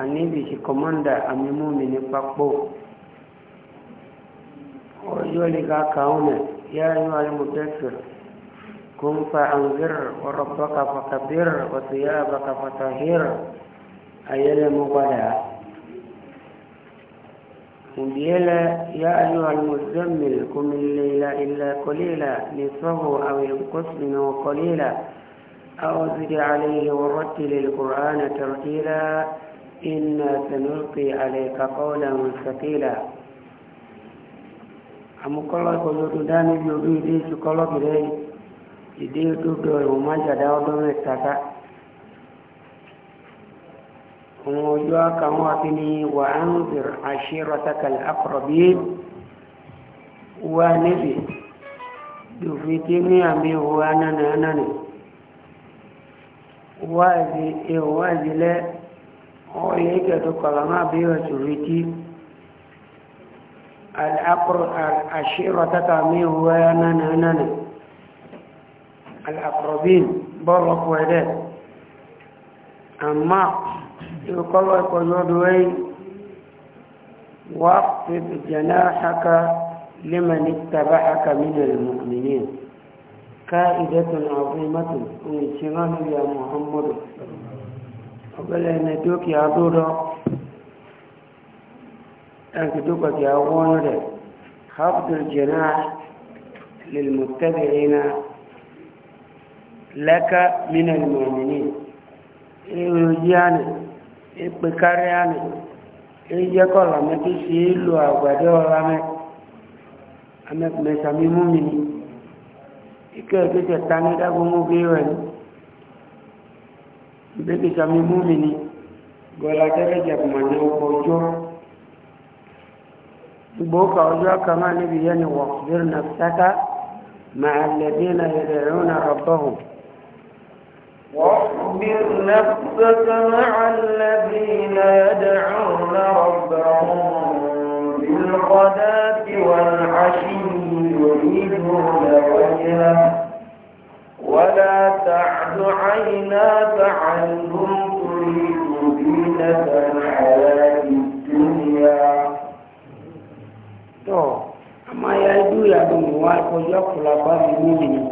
anibi si amimu amimumi ni kpakpo ọjọ́lì ká kàúnẹ̀ yá yíwá ní mọ̀tẹ́sìr kún fa àǹzir ọ̀rọ̀bọ́ka fakabir wàtíyá baka fatahir ayẹlẹ́mú gbádàá وليلا يا أيها المزمل قم الليل إلا قليلا نصفه أو ينقص منه قليلا أو زد عليه ورتل القرآن ترتيلا إنا سنلقي عليك قولا ثقيلا amukola koyoto dani bi odu ide sukolo gire ide odu do o ma jada odo me tata وجوا كمواتني وأنذر عشيرتك الأقربين ونبي دفتني أمي وانا نانني وازي إيه وازي لا أولئك تكلما بيها سريتي الأقر عشيرتك أمي وانا نانني الأقربين بارك وذلك أما يقوى قنودوين واقفض جناحك لمن اتبعك من المؤمنين كائدة عظيمة ويشغل يا محمد قبل أن يدوك يا دورو أن دوك يا غونر خفض الجناح للمتبعين لك من المؤمنين إيه ekpe karịa nị eyẹ kọlọ mẹ kí ṣe é lo àgbàdo ọlá mẹ amẹkùnrin sàmì mú mi ni ike ìgbésẹ tani dágbóngó gbé rẹ ni ìgbésẹ sàmì mú mi ni gbọlá tẹlẹ jàpùmọ ní ọkọ ọjọ gbogbo ọjọ kama níbi yẹn واخبر نفسك مع الذين يدعون ربهم بالغداة والعشي يريدون وجهه ولا تعد عيناك عنهم تريد زينة الحياة الدنيا أما يدوي أدوم واقف يقلب مني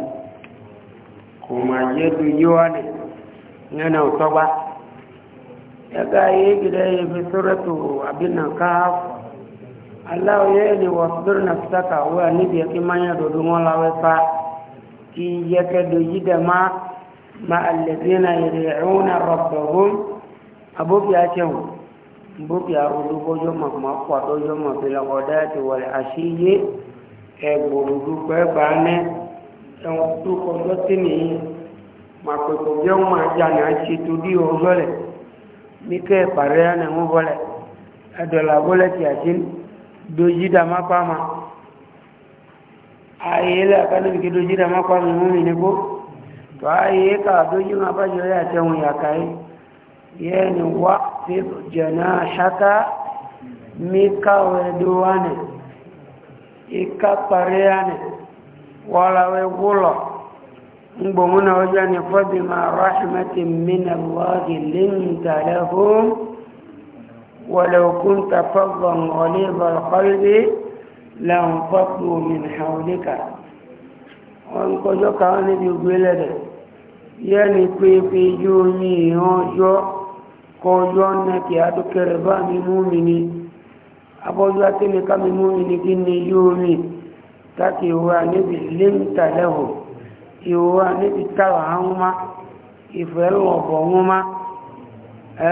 كما يدوي يواني nana utoba yaga yegida yebi suratu abina kaf allah yeni wasbir nafsaka wa nibi yakimanya dodungola wefa ki yakedo yidama ma alladhina yad'una rabbahum abuki achewu mbuki arudu bojo makma kwa dojo mabila godati wal ashiye egborudu kwebane ẹwọn tó kọjọ sí nìyí makoko jẹun ma ja na ṣètò bí o gbọlẹ mi kẹ pàrẹ ya na ń gbọlẹ ẹdọlà gbọlẹ tí a ti dojí dama pama ayé lẹ akademi ke dojí dama pama mú mi ní kó tó ayé ká dojí ma bá yọ ya tẹun yà ká yé yẹ ni wá fi jẹna ṣáká mi káwé do wa nẹ ika pàrẹ ya nẹ wọlọwẹ wúlọ. مبومنا وجاني فبما رحمة من الله لنت لهم ولو كنت فظا غليظ القلب لانفضوا من حولك وانقذوا كان بيقولوا yẹni pé pé yóò ní ìhànjọ́ kọjọ́ náà kí a tó kẹrẹ bá mi mú mi ní abọ́jọ́ rí tàkì wà níbi lẹ́ntàlẹ́hùn ìwòwà níbi tàwà ahúnmá ìfẹ́lùwọ̀bọ̀ ahúnmá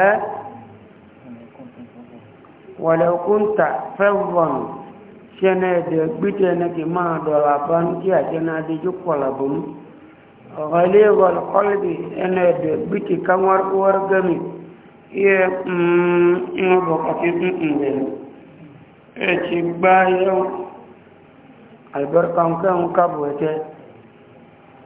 ẹ́ wọ̀lẹ̀kúntà fẹ́wọ̀n ṣẹ́nà ẹ̀dẹ̀ gbítẹ̀ẹ́nà kì máa dọ̀là bán kí àjẹ́nà adéjú pọ̀làbùn ọ̀gọ́lé wọ̀lẹ̀kọ́lẹ̀bì ẹ̀nà ẹ̀dẹ̀ gbítẹ̀ kánwárgẹ́mì iye ìwọ̀bọ̀kọ̀tí ẹ̀ẹ̀kì gbáyẹ̀ albarkankan kabo ẹ̀tẹ́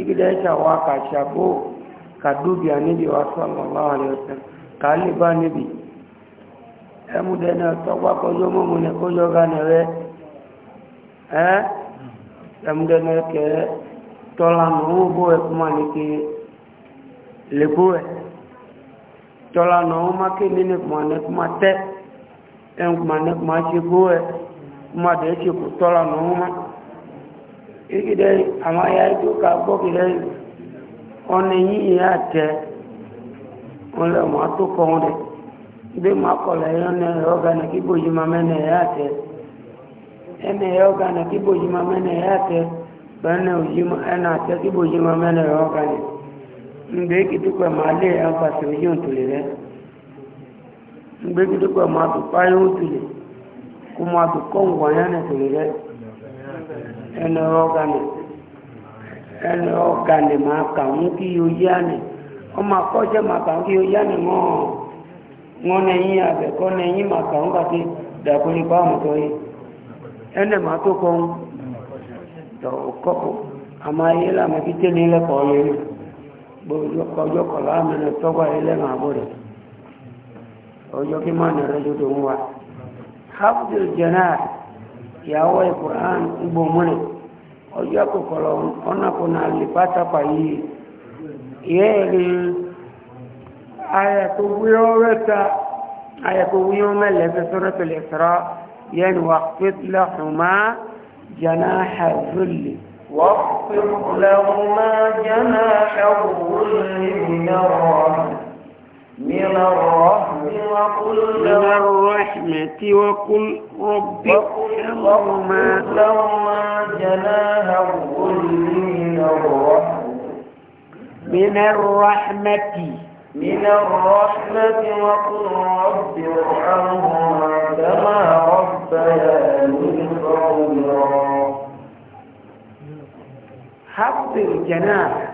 igida ya wa ka shabo ka dubi anibi wa sallallahu alaihi wasallam ka liba nibi emu de na to ko yo mu ne ko yo ga ne we eh emu de na ke to la no bo e kuma ni ke le bo e to la no ma ke ni ne kuma ne kuma te en kuma ne kuma chi bo e kuma de chi to la no ma ìgbìdẹ̀ àwọn ayá ìjú ká gbọ́gbìdẹ̀ ọ̀nà yìí yà tẹ́ wọn lè mọ́ tó kọ́ wọn dẹ̀ bí mo akọ̀lẹ̀ yọ ní ọ̀gá ní kí bòjì máa mẹ́nà yà tẹ́ ẹnì ọ̀gá ní kí bòjì máa mẹ́nà yà tẹ́ bẹ́ẹ̀ni òjì ẹnà kí bòjì máa mẹ́nà mgbe máa lé òjì rẹ mgbe máa kó máa yẹn rẹ. ẹnẹ ọ̀gánì ẹnẹ ọ̀gánì máa kà ń kí yóò yá ni ọmọ akọ́jẹ́ máa kà ń kí yóò yá ni mọ́ wọn nẹ̀yìn abẹ́kọ́ nẹ̀yìn máa kà ń bàtí dàkúrú ipá àmọ́tọ́ yìí ẹnẹ máa tó kọ́ ń tọ̀ kọ́kọ́ àmọ́ ayé làmọ́ fi tẹ́lẹ̀ lẹ́kọ̀ọ́ yẹn gbogbo ọjọ́ kọ̀ọ̀lá àmì náà tọ́gbà lẹ́nu àbúrò ọjọ́ kí máa nà rẹ́jọ́ tó ń wá. حفظ الجناح ìyàwó ìkùrán gbò múlẹ̀ ọjọ́ kòkòrò ọ̀nàkùnà lè pátápà yìí ìyẹ́ rí ayẹ̀kọ̀wúyọ́ rẹ̀ta ayẹ̀kọ̀wúyọ́ mẹ́lẹ̀ fẹ́sọ́rọ̀ tẹ̀lẹ̀ sọ́rọ̀ yẹn wà pẹ́tìlẹ̀ ọ̀má jana hazulli wọ́n pẹ́tìlẹ̀ ọ̀má من وقل الرحمة وقل رب ارحمهما لهما جناها قل من الرحمة من الرحمة من الرحمة وقل رب ارحمهما كما ربياني صغيرا حفظ الجناح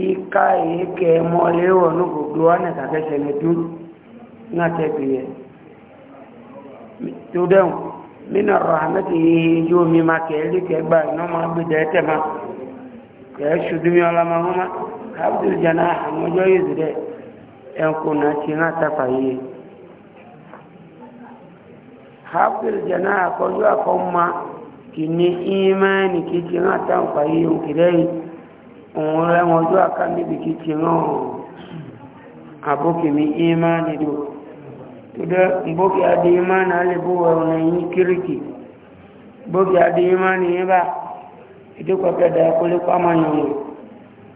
ika eke mọ́lé wọnú gbogbo wọn kàkẹ́ sẹ̀lẹ̀ dún náà tẹ́bi yẹ tó dẹ́hùn mínà rọ̀hámẹ́tì yíyí omi ma kẹ́ẹ̀lì kẹgbà iná máa gbèdẹ̀ ẹ̀tẹ̀ ma kẹ́ẹ̀ ṣùdúmí ọlọ́mọ ọmọ abdul jana àwọn ọjọ́ yìí zùdẹ̀ ẹ̀kùn náà ti náà tàfà yìí abdul jana àkọjú àkọ́mọ́ kìíní ìmáàní kìí ti náà tàfà yìí òkìrẹ́yìí òun rẹ́wọ̀n ojú àká níbi kìkì náà àbókèmí ìmá nìdó tó dẹ́ bókè adé ìmá náà lè bó ẹ̀rùn ẹ̀yìn kíríkì bókè adé ìmá nìyẹn bá ìdókọ̀kẹ́dà ẹ̀kọ́lé pàmáyàn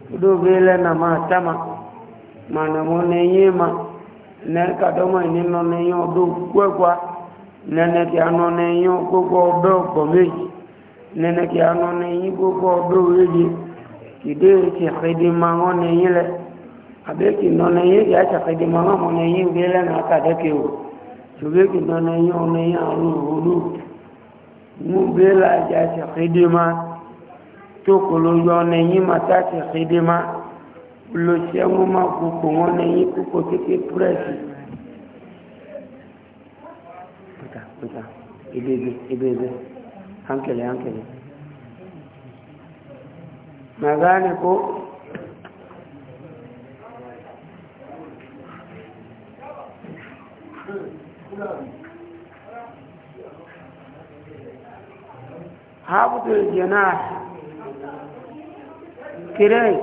tó dó gbé lẹ́nà máa támà mànàmọ́ na mà nẹ́kàdọ́mọ̀ ìnínà nìyẹn ọdún nẹ́nẹ́kì anọ gbogbo ọdọ́ méjì nẹ́nẹ́kì anọ gbogbo ọdọ́ ìdí ìṣèkéde máa ń ní yín lẹ àbẹ́kì nọ́nà yín ìyá ìṣèkéde máa ń mọ̀ ní yín ìwé lẹ́nu àkàdẹ́kẹ̀ o ṣùgbẹ́kì nọ́nà yín ọ̀nà yín àrùn òru mú bẹ́ẹ̀lá ìyá ìṣèkéde máa tó kòló yọ ọ̀nà yín máa tá ìṣèkéde máa olùṣẹ́wọ́n máa kókò wọn ní yín kókò kékeré pírẹ́sì. ibi ibi ibi ibi, hankele hankele nadhani ku habdu aljanah kirei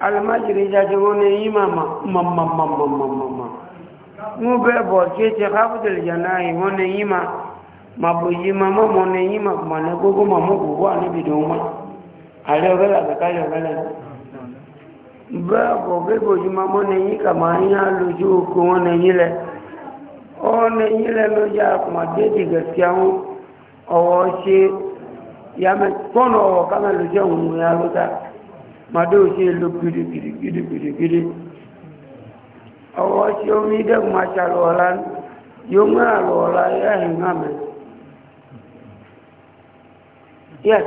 almajiri jajegone ima mamamamamamama ngube borkece habdu aljanahi ngone ima mabuyima mamone ima kumane gogo mamugugu anibidoma alẹ́ ọ̀gá làbẹ̀ ká yọ̀ mẹ́lẹ̀ bẹ́ẹ̀ bọ̀ bẹ́ẹ̀ bòjú máa mọ́ nẹ̀yìn wọn nẹ̀yìn lẹ̀ ọ́ nẹ̀yìn lẹ̀ ló yá kùmà déèdì gẹ̀ẹ́sì àwọn ọ̀wọ́ ṣe ya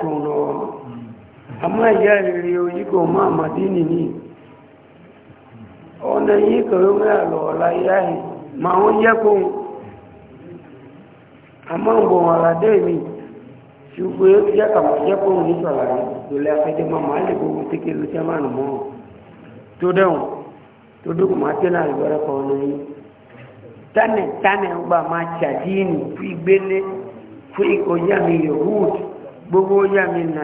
lo ṣe amma ya rere yi ko ma madini ni ona yi ko yo me lo la ya yi ma o ye ko amma bo ala de mi shugo ya ka ma ye ko ni so la ni do le afi de ma ma le ko ti ke lu chama no mo to de o to du tane tane ba ma cha dini fi gbele fi ko gbogbo ya mi na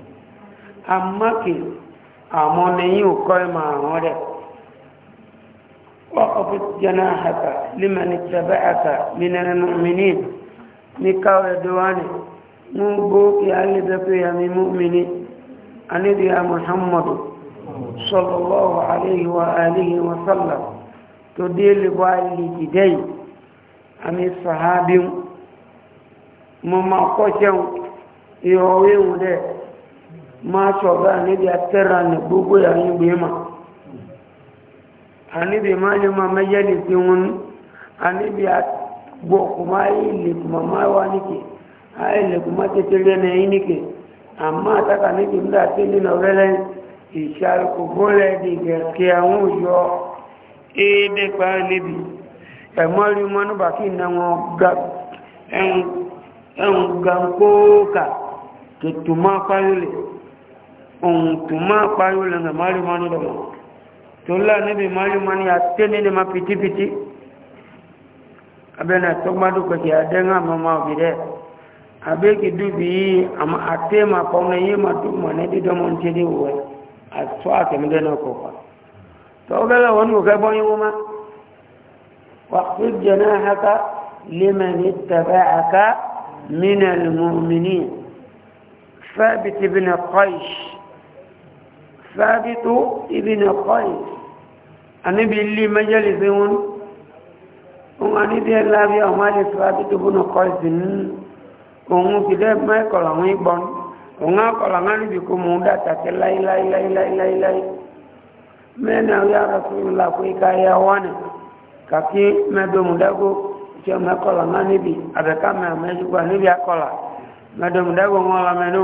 amákè àmọ́ nìyí ò kọ́ ẹ̀mọ̀ àwọn rẹ̀ wọ́n kọ́ fún jẹ́nà àkà límẹ̀ni tẹ̀bẹ́ àkà mìnirinu mìnín ní káwẹ̀ dọ́wánì mú gbókè alẹ́bẹ̀fẹ́ yàmí mú mìíní anídìyà muhammadu sallallahu alayhi wa alihi wa sallam to dele wa likidai ami sahabin mo ma ko seun yo wewu de máa ṣọ̀gá níbi àtẹ́ra ní gbogbo ìyàyìn gbé ma àníbi máa lè máa mẹ́jẹ́ lè fi wọn àníbi àgbọ̀kù máa yí ìlẹ̀kùnmá máa wá níkè àìlẹ̀kùnmá tẹ́tẹ́lẹ́ náà yí níkè àmá àtàkà níbi ńlá tí nínú rẹ́lẹ́ ìṣàlùkù bọ́lẹ̀ di gẹ̀ẹ́kẹ́ àwọn máa pálílẹ̀ ohun tó máa pariwo lẹ́nà márùn-ún lọ́wọ́ tó lá níbi márùn-ún àti nínú ma pìtìpìtì abẹ́nà tọ́gbádùkọ̀tì àdẹ́ngà mọ́mọ́ òbídẹ́ abẹ́kì dúbì yìí àti ma pọ́nà yìí ma tó mọ̀ ní dídọ́mọ́ ní tẹ́lẹ̀ wọ̀ àtọ́ àtẹ̀mídẹ́ náà kọ̀ pa tọ́gbẹ́lẹ̀ wọn ni òkè bọ́n yíwọ́ má wà tó jẹ̀nà haka lẹ́mẹ̀ni tẹ̀fẹ́ àká mínà lùmọ̀mìnì fẹ́bìtì bìnà kọ́ìṣì sáàbìtú ìbìnà kọ́ì àníbi ilé mẹ́jẹ́lì sí wọn òun àníbi ẹ̀láàbí ọmọ alẹ́ sáàbìtú bùnà kọ́ì sí ní òun fìdẹ́ mẹ́kọ̀lá wọn ìgbọ́n òun àkọ̀lá wọn níbi kó mú dàtà sí láíláíláíláíláí mẹ́nà ya rasulula kó ika ya wọn kàkí mẹ́dọ̀mùdágó tí ọmọ ẹ̀kọ̀lá wọn níbi àbẹ̀ká mẹ́mẹ́jùgbọ́ níbi akọ̀lá mẹ́dọ̀mùdágó wọn lọ́mẹ́nú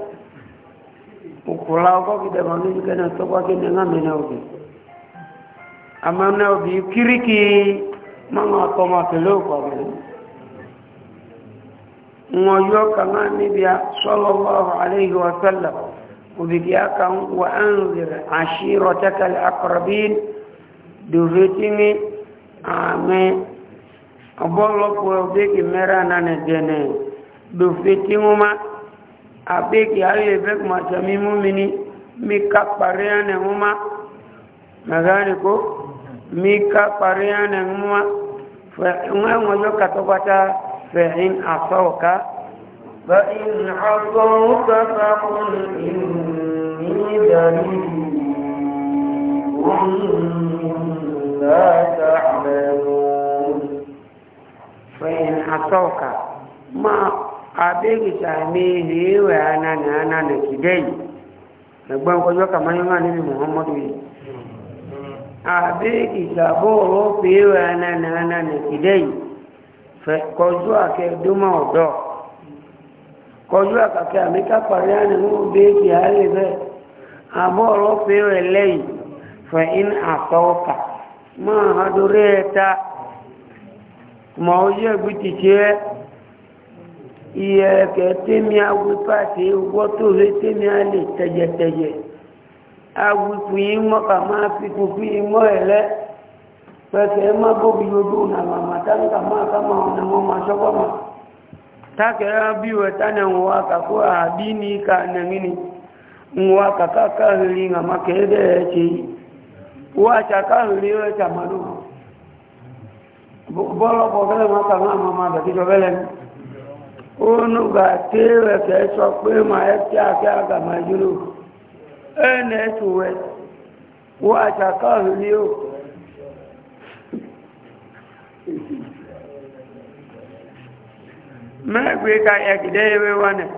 ukula uko kidamamini kana sokwa kene ngame na ubi amana ubi kiriki mama koma kelo kwa kene ngoyo kama nibia sallallahu alayhi wa sallam ubikiyaka wa anzir ashirataka alaqrabin duvetini ame abolo kwa ubiki mera nane dene duvetinuma abeki alebek machami mumini mikapariane nguma nadhani ko mikapariane nguma ngwe katopata fain asauka fain asauka fakul inni dalilu la ta'lamun fain asauka ma abegisa mehe ewe anana anana kidei ẹgbọn kọjọ kàmáyọmọ níbi muhammadu yìí abegisa bọọlù ọpẹ ewe anana anana kidei kọjọ akẹ duma ọdọ kọjọ akàkẹ àmìkà parí ànàmú bẹẹkì àlè bẹ abọọlù ọpẹ ewe lẹyìn fẹ in àtọwọkà máa hadurẹ ta mọ ojú ẹgbẹ tìṣẹ ìyẹ̀kẹ̀ tẹ́mi awípàtí wọ́ tó rẹ tẹ́mi a lè tẹ̀jẹ̀tẹ̀jẹ̀ awípù yí mọ́ kà máa a kù fí mọ́ ẹ̀lẹ́ pẹ̀kẹ́ má bóbi lójú nàmà màtàkà máa ká máa ọ̀nà wọn máa ṣọ́kọ́ mà tákẹ́rẹ́ bí wẹ̀ tánà ń wá kàkó àbí ní ká nàmínì ń wá kàkà káàrí nàmà kẹ́ẹ́dẹ́ ẹ̀ ṣe yìí wọ́n àṣà káàrí ẹ̀ ṣàmàlú bọ́lọ́pọ̀ fẹ́lẹ̀ máa kà máa máa bẹ̀ onuga téèrè kẹ́ sọ pé màá ẹ́ tí a fẹ́ àgàmà yúrò ẹ̀ẹ́nà ẹ̀tù wẹ̀ wọ́n àṣàkà ọ̀hún ní o mẹ́gbẹ́ ka ẹ̀kìdẹ́ ewé wọn nẹ̀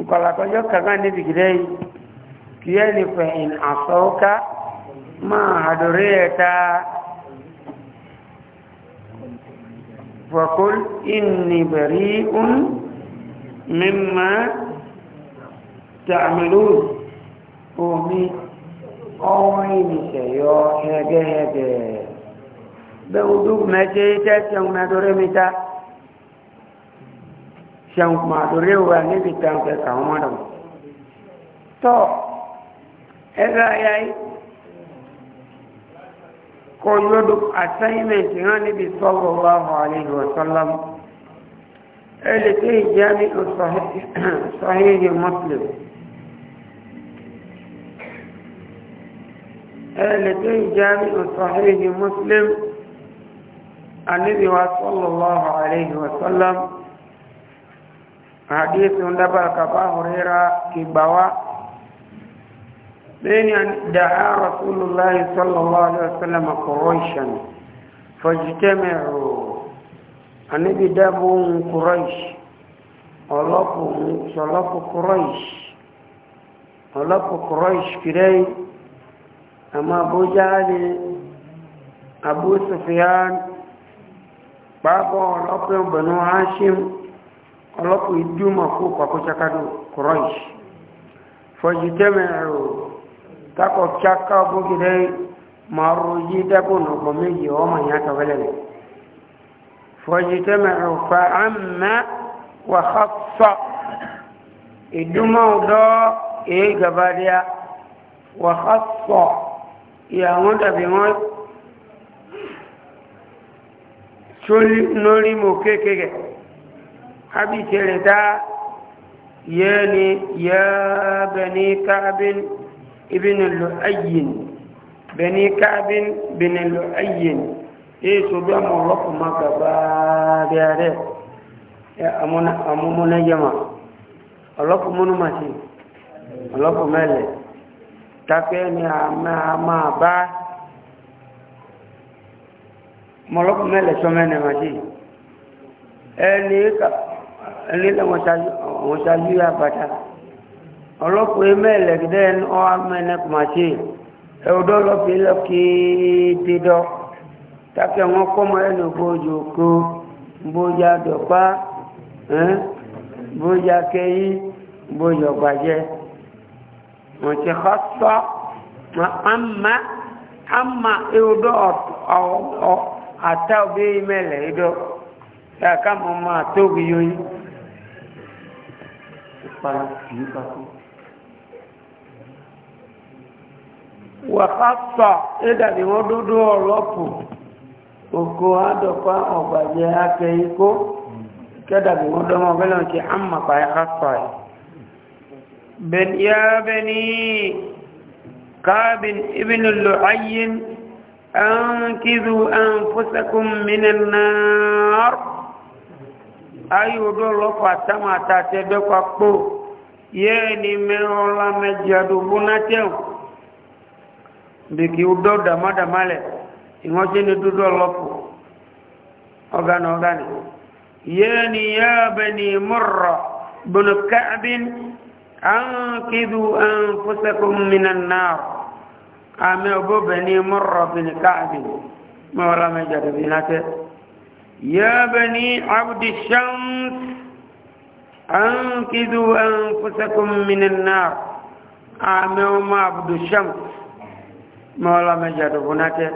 nkọ̀làkọ́jọ́ kàgbà níbi gìdẹ́ yìí kì ẹni fẹ̀yìn àfọ́ọ́ká máa àdórí ẹ̀ta fọ̀kúl ìnìbẹ̀rí ń mímá tààmìlú omi ọwọ́ ìmìṣẹ̀yọ ẹgẹ́ẹ̀gẹ́ bẹ́ẹ̀ ojú mẹ́jẹ́ tẹ́ ṣẹun mẹ́dọ́rẹ́ mítá ṣẹun mẹ́dọ́rẹ́ wà níbi tàǹkẹ́ kàwọn mọ́dọ̀ tọ́ ẹgbẹ́ ayáyí kọ́ yọ́dọ̀ assignment rán níbi sọ́lọ́lọ́wọ́ àlejò ọ̀sọ́lọ́mù التي جامع صحيح, صحيح مسلم التي جامع صحيح مسلم النبي صلى الله عليه وسلم حديث دبر كفا هريرة كبوا بين دعا رسول الله صلى الله عليه وسلم قريشا فاجتمعوا anibi dábò ń kúrọ́ìṣ ọlọ́pù kúrọ́ìṣ ọlọ́pù kúrọ́ìṣ kìrẹ́ àmà àbújá ni abu sufiyan pàápọ̀ ọlọ́pù ìbẹ̀nu hashim ọlọ́pù iduma ku pàkúṣakadù kúrọ́ìṣ fọ̀jìtẹ́mẹ̀rù takọ̀ chaka bó kìrẹ́ màrú yí dábò nà ọgbọ̀n méjì ọmọ ìyá فاجتمعوا فعم وخص الدمو دو إيه قباليا وخص يا مدى بموت شل نولي موكيكي أبي تلتا ياني يا بني كعب ابن اللؤي بني كعب بن اللؤي ee eh, to bi amon lokko maka ba gare e amona amumo ne jama lokko munu machi lokko mele take ni ama ama ba molok mele somene machi eni ka eni la mo sa mo sa bata olopo emele den o amene machi e odolo pilo ki tidok take wọn kọmọ ẹnu bójú kó bójá dọ̀pá bójá kẹyí bójọ gbàjẹ́ wọ́n ti kọ́ sọ ama ama ìwúdọ̀ àtà òbí mẹ́lẹ̀ ìdọ̀ yàká mọ́ máa tóbi yóyí ìpara kìí pàtó wọ́n kọ́ sọ ìdàbí wọn dúdú ọ̀rọ̀ oko adọ̀pá ọ̀gbàjẹ́ akẹ ikó kẹ́dàbí wọ́n dọ́mọ bẹ́lọ̀ ti àmà pàyà àpà ẹ̀ bẹ̀yà bẹ̀ni káàbìn ibinu lọ ayin an kízu an fúsakun minan náà ayòdó lọ́pàá tamata tẹ́ dọ́kwa kpó yẹ́ ni mẹ́rọ́lá mẹ́jọ dùgbóná tẹ́wọ̀n bìkì udọ́ ìwọ́nṣẹ́ ni dúdú ọlọ́pọ̀ ọ̀gánà ọ̀gánà yẹ́ ni yá bẹ̀ ni mọ́rọ̀ bọ̀nù káàbín àǹkìdù àǹfọ́sẹ́kùn mìíràn náà àmì ọ̀bọ̀ bẹ̀ ni mọ́rọ̀ bìnì káàbín mọ́ra mẹ́jọ tẹ̀bí látẹ́ yá bẹ̀ ni abdi shams àǹkìdù àǹfọ́sẹ́kùn mìíràn náà àmì ọmọ abdi shams mọ́ra mẹ́jọ tẹ̀bí látẹ́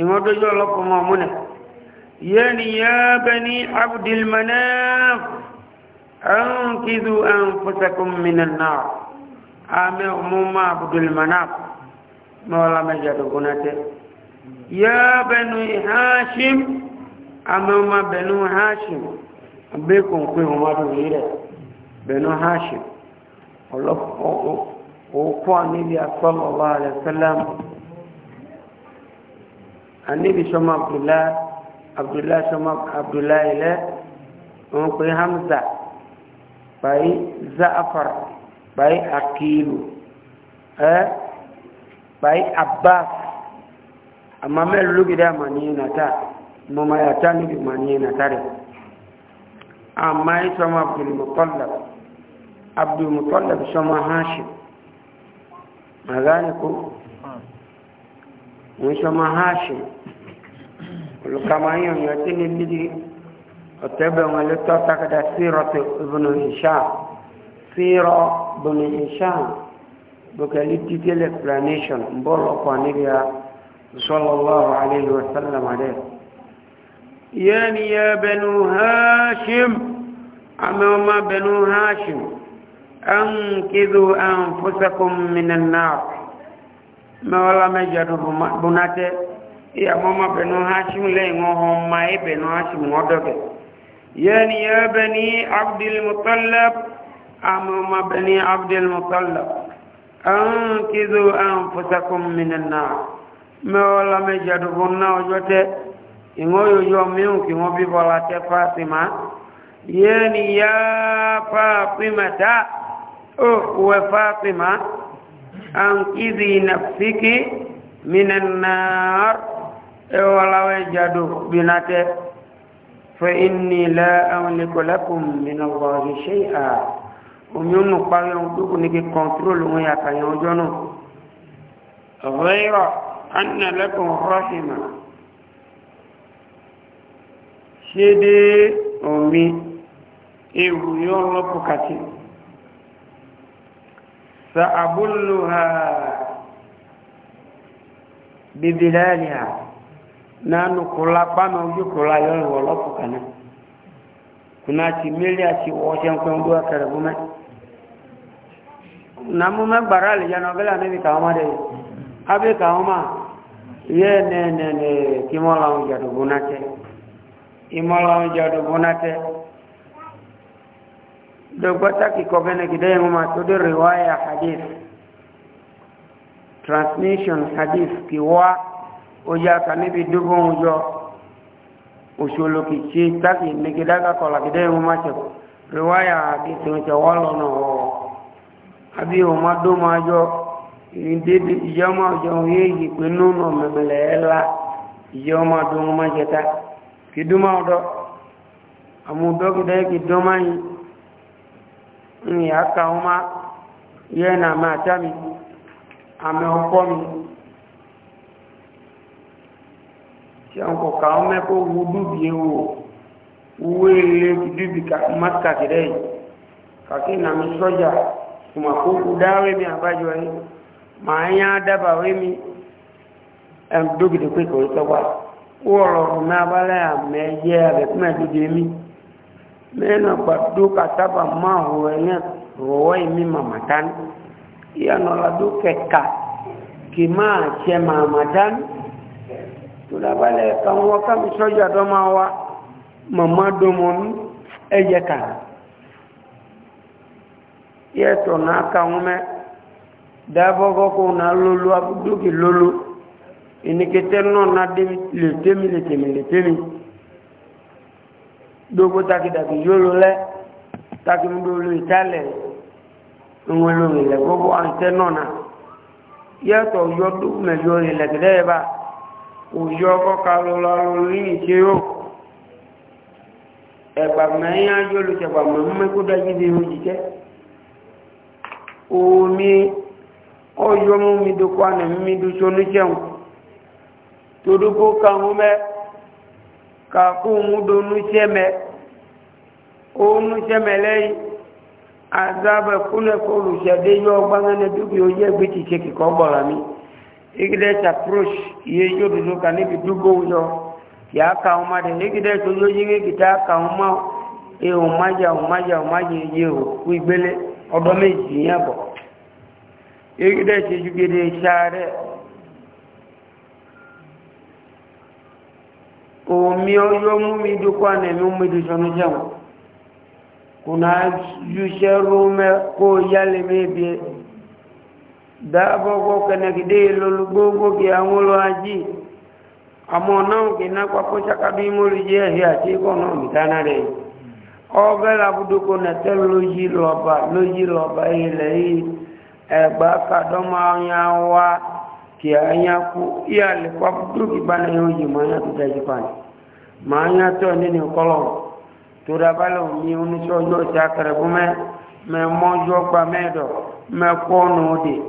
ìmọ́dójú ọlọ́pọ̀mọ́ múnà yẹ́ni yá bẹ ní abdulmanaf ẹ̀rùn kìdù ẹ̀nfọ́sẹ̀kùn mìíràn náà àmì ọmọọmọ abdulmanaf mọ́ọ́lá mẹ́jọ̀dọ̀gúnnatẹ́ yá bẹ ní hashim àmì ọmọ bẹ̀nu hashim abẹ́kùn pé ọmọdé yìí rẹ̀ bẹ̀nu hashim ọlọ́pọ̀ òkú àníbi àtọ́lọ́lá alẹ́sẹ́lẹ́mù anabi sọmọ abdullahi abdullahi sọmọ abdullahi lẹ wọn pe hamza bayi zaafar bayi akilu ẹ bayi abbas amma mẹ́rin ló gidá màníyàn nàta mọ̀mọ̀yàtá nata. màníyàn nàta rẹ̀ amma yìí sọmọ abdulmutallab abdulmutallab sọmọ hashim magani ko mwisho mahashi ulukamahiyo niwatili mbili otebe umelitoka kada sirat ibnu hisham sira ibnu hisham bukalititel explanation mbolo kwa nibia sallallahu alayhi wa sallam alayhi yani ya banu hashim amama banu hashim ankidhu anfusakum minan nar mawala mejadu bunate ya mama benu hashim le ngoho mai e benu hashim ngodoke yani ya bani abdul mutallab amama bani abdul mutallab ankizu anfusakum minan nar mawala mejadu bunna ojote ingoyo yo miu ki ngobi bolate fatima yani ya fatima ta o oh, we fatima anqidhi nafsiki minan nar e wala we jadu binate fa inni la amliku lakum min allahi shay'a umyunu payon duku niki control mo ya kayon jono ghayra anna lakum rahima shede omi ewu yo lopo katin sa'abulluha bibilaliha nanu kula kpama ojú kula yọrọ wọlọpù kana kuna ti mili ati wọṣẹ nkpẹ ń dúwà kẹrẹ bú mẹ namu mẹ gbara alijan na ọbẹlẹ anabi kàwọn ma dẹ abe kàwọn ma yẹ nẹ nẹ nẹ kí mọlá ń jàdùbọ náà tẹ ìmọlá ń dogbata kikobene kidayenguma tudi riwaya hadith transmission hadith kiwa oya kanibi dubun ujo usulu kichi taki nikidaga kola kidayenguma cheko riwaya hadith nche walo no abi uma duma ajo ndidi ijoma ujo yeji kwinuno memeleela ijoma duma jeta kiduma odo amudokidaye kiduma yi ni aka uma yana mata mi ameoko mi tí àwọn kọ̀ọ̀ká ọmọ ẹ̀kọ́ wo dúbì ewu owó ilé dúbì mọ́tíkà kìdẹ́ yìí kàkí ìnàmì sọ́jà ìmọ̀kókò dáwé mi àbájọ yìí màá yá dábàwé mi ẹ̀m dúbì tó pé kò tọ́gbà ó ọ̀rọ̀ ọ̀rọ̀ mi abálẹ̀ àmẹ́yẹ àbẹ̀kúnmẹ̀ dúbì mi mena kwa duka saba mahu wenye rowai mima matani yano la duke ka kimaa chema matani tunabale kamwa kamisoja domawa mamadomon ejeka yeto na kaume dabogo kuna lulu abuduki lulu inikitenno na demi le temi le temi le temi dogo takidaki yolo lɛ takimudolo italɛ ŋwelori lɛ gbogbo antɛ nɔna yɛtɔ yɔdo mɛlori lɛ gɛdɛ yɛ ba òyɔ kɔka lɔlɔ lórí ìṣe o ɛgbàgbà yẹn ayọlò tẹgbàgbà mẹkó dájú bí o jíjẹ omi ọyọmú mi dókòwò àná mi dókòwò níjẹun torí kó kàwọn mẹ kakó ŋu do nutsɛ mɛ o nutsɛ mɛ lɛ yi azaba kuna kolu tsɛ de yɔ gbaŋa ne dubi o yɛ gbetsi tsɛ kikɔ bɔ la mi eki dɛ tsa prosh yɛ yɔ ne bi dubo yɔ yɛ aka ŋu ma de eki dɛ to yɔ yɛ kita aka ŋu ma e o ma dza o ma dza o ma dza yɛ o ku igbele ɔdɔ me zi yɛ bɔ eki dɛ tsi ju omi yóò mú mi dúkọ́ nẹ̀mí mú mi dùsọ̀nù jẹun kùnà yúṣẹ́ rúmẹ́ kó yálẹ̀ mébi dáàbọ̀gbọ́ kẹnẹ̀kìdé lọ́lùgbógbò kí àwọn olóhájì àmọ́ náà kì náà pàpọ̀ ṣakábí mórí jẹ́ ẹ̀hẹ́ àti ikọ̀ náà mìtánà rẹ̀ ọgbẹ́ làbúdókò nẹ̀tẹ́ lójí lọ́ba lójí lọ́ba ilẹ̀ yìí ẹ̀gbá kàdọ́mọ ọyàn wa. kianyaku iya alikuwa kutuki bana yoji maana tutajipani maana to nini ukolo turabalo mi unichojo chakara bume me mojo kwa medo me kono udi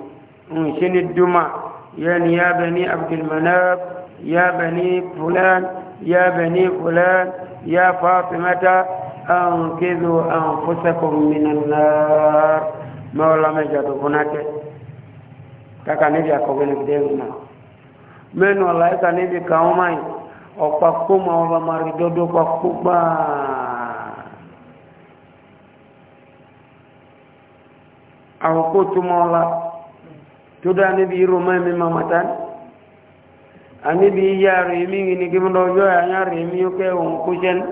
unshini duma yani ya bani abdul manab ya bani fulan ya bani fulan ya fatimata anqidhu anfusakum minan nar mawla majadu kunake kaka nebi akogene gidewu na meno alaika nebi kaumai okwa kuma ova maridodo kwa kuba aukutu mola tuda nebi irumai mima matani anibi iya rimingi ni kimundo joya anyari rimi uke unkushen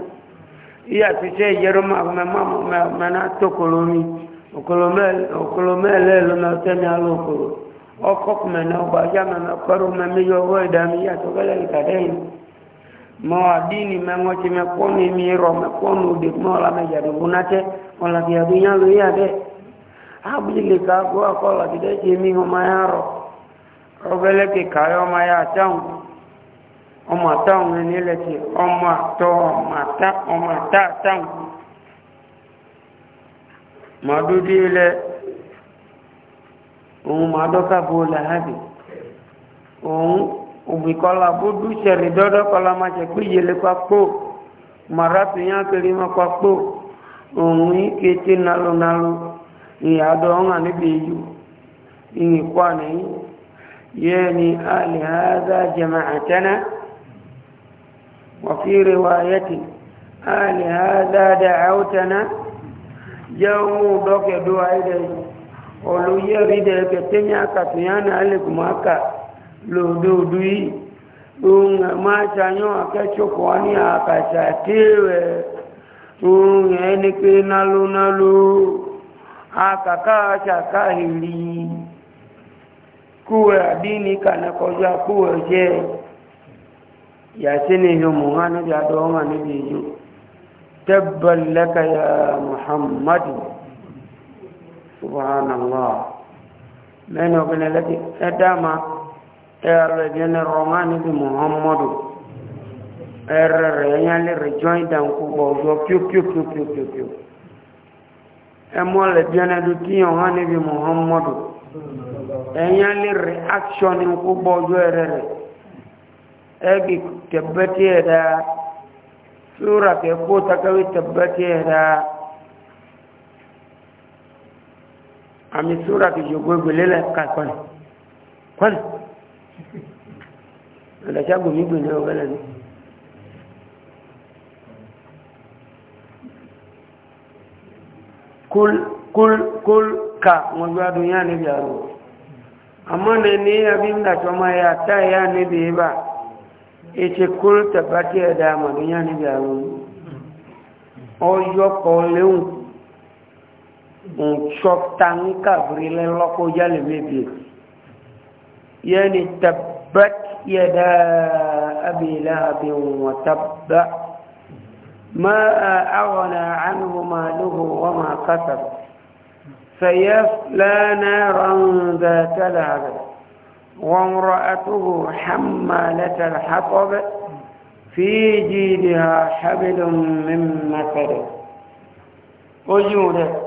iya tuche jeruma kume mama mena tokolomi ukolomele ukolomele lume utemi alukulu ọkọk mẹ nọ ọgbà yá mẹ mẹ kọrọ mẹ mi yọ ọwọ ẹdá mi yá tó gẹlẹ ìkàdé yìí mọ àdínì mẹ wọn ti mẹ kọnu mi rọ mẹ kọnu òde mọ ọlàmẹ yàdó wọn àtẹ ọlàbí yàdó yàn ló yà dẹ abúlé lè ka gbọ akọ ọlàbí dẹ jẹ mí ọmọ yà rọ ọgbẹlẹ kìka yọ ọmọ yà àtàwọn ọmọ àtàwọn ẹni lẹ ti ọmọ àtọ ọmọ àtà ọmọ àtà àtàwọn mọ àdúdú yìí lẹ. òun máa dọ́ka bo làhádì òun òbí kọ́la bó dúṣẹ̀rì dọ́dọ́ kọ́la máa ṣe pé yẹlẹ pa kpó màrá tó yàn kiri máa pa kpó òun yìí kété nalónaló ìyá dọ́ ọ̀hún àníbi yìí ìyìn kọ́ àníyí yẹ́ ni alìhádà jẹ̀mà àtẹ́nà wọ́n fi rẹwà yẹ́tì. آل هذا دعوتنا جاءوا دوك دعاء olóyè rí dẹ kẹtẹ ní akàtúnyánà alẹkùnmọ aka lòdòdó yìí òun máa ṣàyàn akẹ́tsọ̀kọ̀ wá ní àkàtà téèrè òun ẹni pé nálò nálò akàkà ṣàkà ìrì kúwẹ̀ àdínní kànákọjá kúwẹ̀ jẹ́ yàtí ni yomu hàn níbi àdó níbi yìí tẹ́bẹ̀lẹ́kà muhammadu. سبحان الله من ابن الذي قدم الرجل الرومان بمحمد الرجل الرجل دانكو بوجو كيو كيو كيو كيو كيو كيو أمول الجنة دوتي يوهاني بمحمد الرجل الرياكشن دانكو بوجو الرجل أبي تبتي هذا سورة كفوتك ويتبتي هذا àmì súra kìí ṣògbó ìgbèlé lẹ kàkọ́nì kọ́nì ọ̀dàṣàgbò mi gbèlé ọ̀gbẹ́ lẹ́nu. kul kul kul ka wọn gbá dùn yá níbi àrò àmọ́ ní ní abí ń dàtọ́ máa yà tá yá níbi ibà ètè kul tàbátì ẹ̀dá àmàdùn yá níbi àrò ọjọ́ kọ léhùn tangka kavrile loko jale bibi yani tabat yada abi lahab wa tabba ma aghna anhu maluhu wa ma kasab sayas la naran wa لهب وامرأته al hatab fi جيدها حبل من مثل وجوده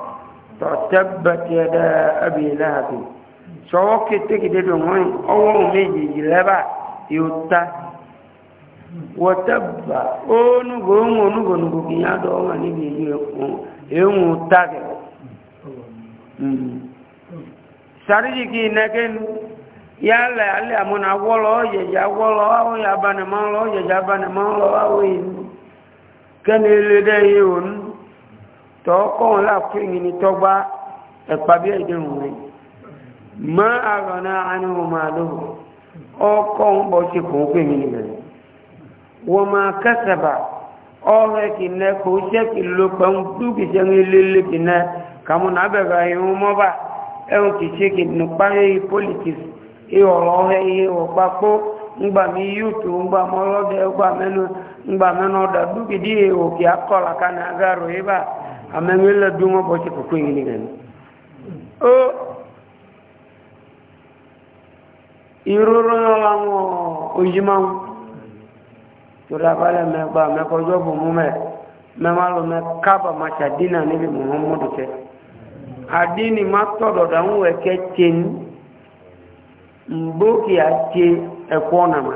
تبت يدا أبي لهب سوكي تكدد وين أو ميجي لبا يوتا وتب ونغو ونغو نغو كيا دوما نيجي يوم تاك sariji ki negen yálẹ̀ alẹ́ àmúna wọ́lọ́ tọ́kọ́ ńlá fún ìní tọ́gbá ẹ̀pàbí ẹ̀dẹ̀rùn rẹ̀ ma àrọ̀nà àníwò máa lóhùn ọkọ̀ ń bọ̀ sí kò ń pè mí nìyẹn wọ́n máa kẹsàbà ọ̀rẹ́ kì ní kò ṣẹ́kì ló pẹ̀lú dúkìṣẹ́ ní lélẹ̀ kì ní kàmúnà bẹ̀rẹ̀ ìhun mọ́bà kì ṣe kì parí politics ọ̀rẹ́ yúùtù amẹ́wẹ́lẹ́ dún wọ́n bọ́ sí kòkó yìí nìkan ni ó ìrora làwọn òyìnbọn torí abalẹ̀ mẹ́gbà mẹ́kọjọ́ bò mú mẹ́ mẹ́màlú mẹ́ kábà má ṣàdínà níbi muhammadu tẹ́ àdínì má tọ̀dọ̀ dáhùn ẹ̀kẹ́ tẹ́n mbókì àti ẹ̀kọ́ nàmà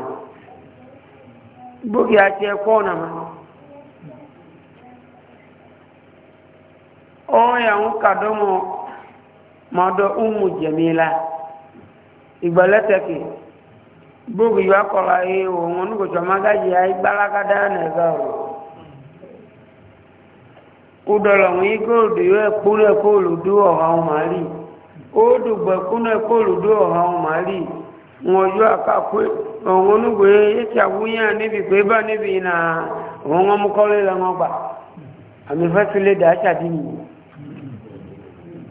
mbókì àti ẹ̀kọ́ nàmà. oya ya kàdó mọ mọdọ umu jẹmíla ìgbọlẹtẹkì bóògì yóò akọlà yìí òun oníkòtò magajì ayé gbalagada nàìjíríà o kúdọlọ ń yí góòlù yóò ẹkúnú ekpuru dú ọ̀hà ọmọlì wọn ya akákwé òun ya dị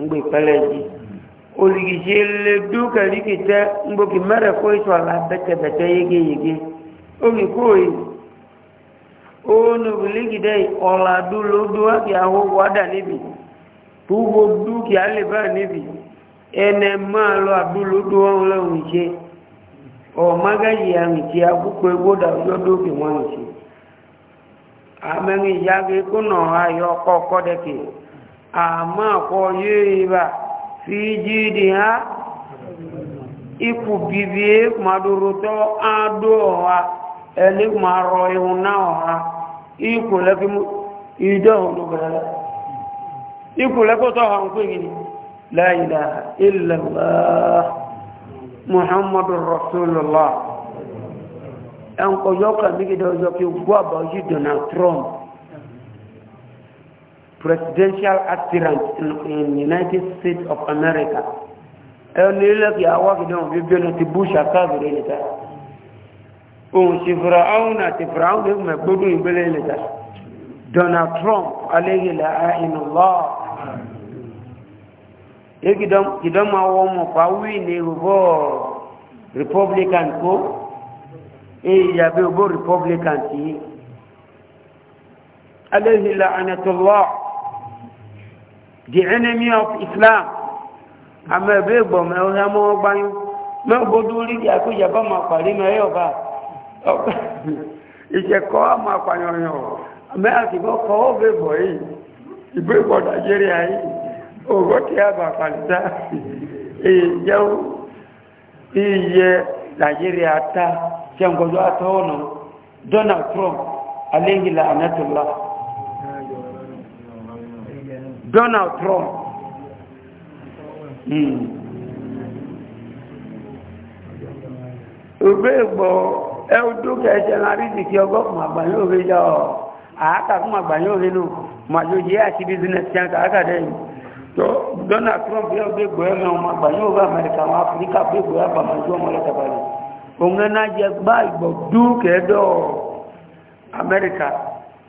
mgbe kpeleji olùgbìṣe lè dúkà líkì tẹ e mẹrẹ kó ètò àlà bẹtẹbẹtẹ yégeyége olùkóyè onùbù dẹ ọ̀là dúró dúwà kí àwọn adà níbi púpọ̀ dúkìá lè níbi ẹnẹ máa lọ àdúró dúwà lọ́wọ́ ìṣe ọ̀mágáyì àmì tí a púpọ̀ egbódà ọjọ́ wọn ìṣe àmẹ́rin kúnà ayọ́ ọkọ̀ ọkọ̀ àmọ́ àkọ́ yóò ibà fi jíìdì ha ikú bìbí ha àádó ọ̀ha ẹni kùmàrọ̀ ihun náà ọ̀ha ọha lẹ́kí ìdọ́ olùgbẹ̀rẹ̀ ikú lẹ́kọ́tọ̀ ọ̀ha ń pè ní láìlà ìlàlá muhammadu rasulullah ẹnkọ̀yọ́kà nígbẹ̀dẹ̀ ọjọ́ kí gbọ́ presidential aspirant in, in United States of America. ẹni lẹ́kì awọ́kìdán bíbí ọ̀nà ti bush akáàbìrì nìta ohun sí fìràún àti fìràún lè mẹ́ gbódùn ìgbélé nìta donald trump aléhìlá àìnà lọ́ọ̀ ìkìdán máa wọ́n mọ̀ pa ní ìrùbọ́ republican kó ìyàbí ògbó republican tí aléhìlá àìnà the enemy of islam àmọ́ ẹ̀bẹ́ ìgbọ̀mọ ẹ̀hún ẹ̀mọ́ ọgbáyún mẹ́gbọ́dú orí ìdí àkójẹ bá máa pàdé mẹ́rẹ́ ọba ìṣẹ̀kọ́ àmọ́ apàyànyàn mẹ́ àtìgbọ́ kọ́ ó bẹ̀ bọ̀ yìí ìgbé ìbọ̀ nàìjíríà yìí ògbọ́ tí a bà pàlìtà ìjẹun iye nàìjíríà ta ṣẹ́ngọ́dọ́ àtọ́wọ̀nà donald trump aléhìlá anẹ́tọ́lá Donald Trump. Ògbé hmm. ìgbọ̀ e e a ojú kẹsẹ̀ náà rí ìdíkì ọgọ́kùn o òwe yọ ọ̀. Àákàkùn àgbàyàn òwe nù. Màjòjì àti bụ center àkàdé yìí. Tó Donald Trump yẹ ògbé ìgbọ̀ ẹ̀mẹ́ ọmọ àgbàyàn òwe Amẹ́ríkà àwọn Áfíríkà gbé ìgbọ̀ àbàmọ́jú ọmọ lọ́tàbàlẹ̀. Òun náà jẹ gbá ìgbọ̀ dúkẹ́dọ̀ Amẹ́ríkà.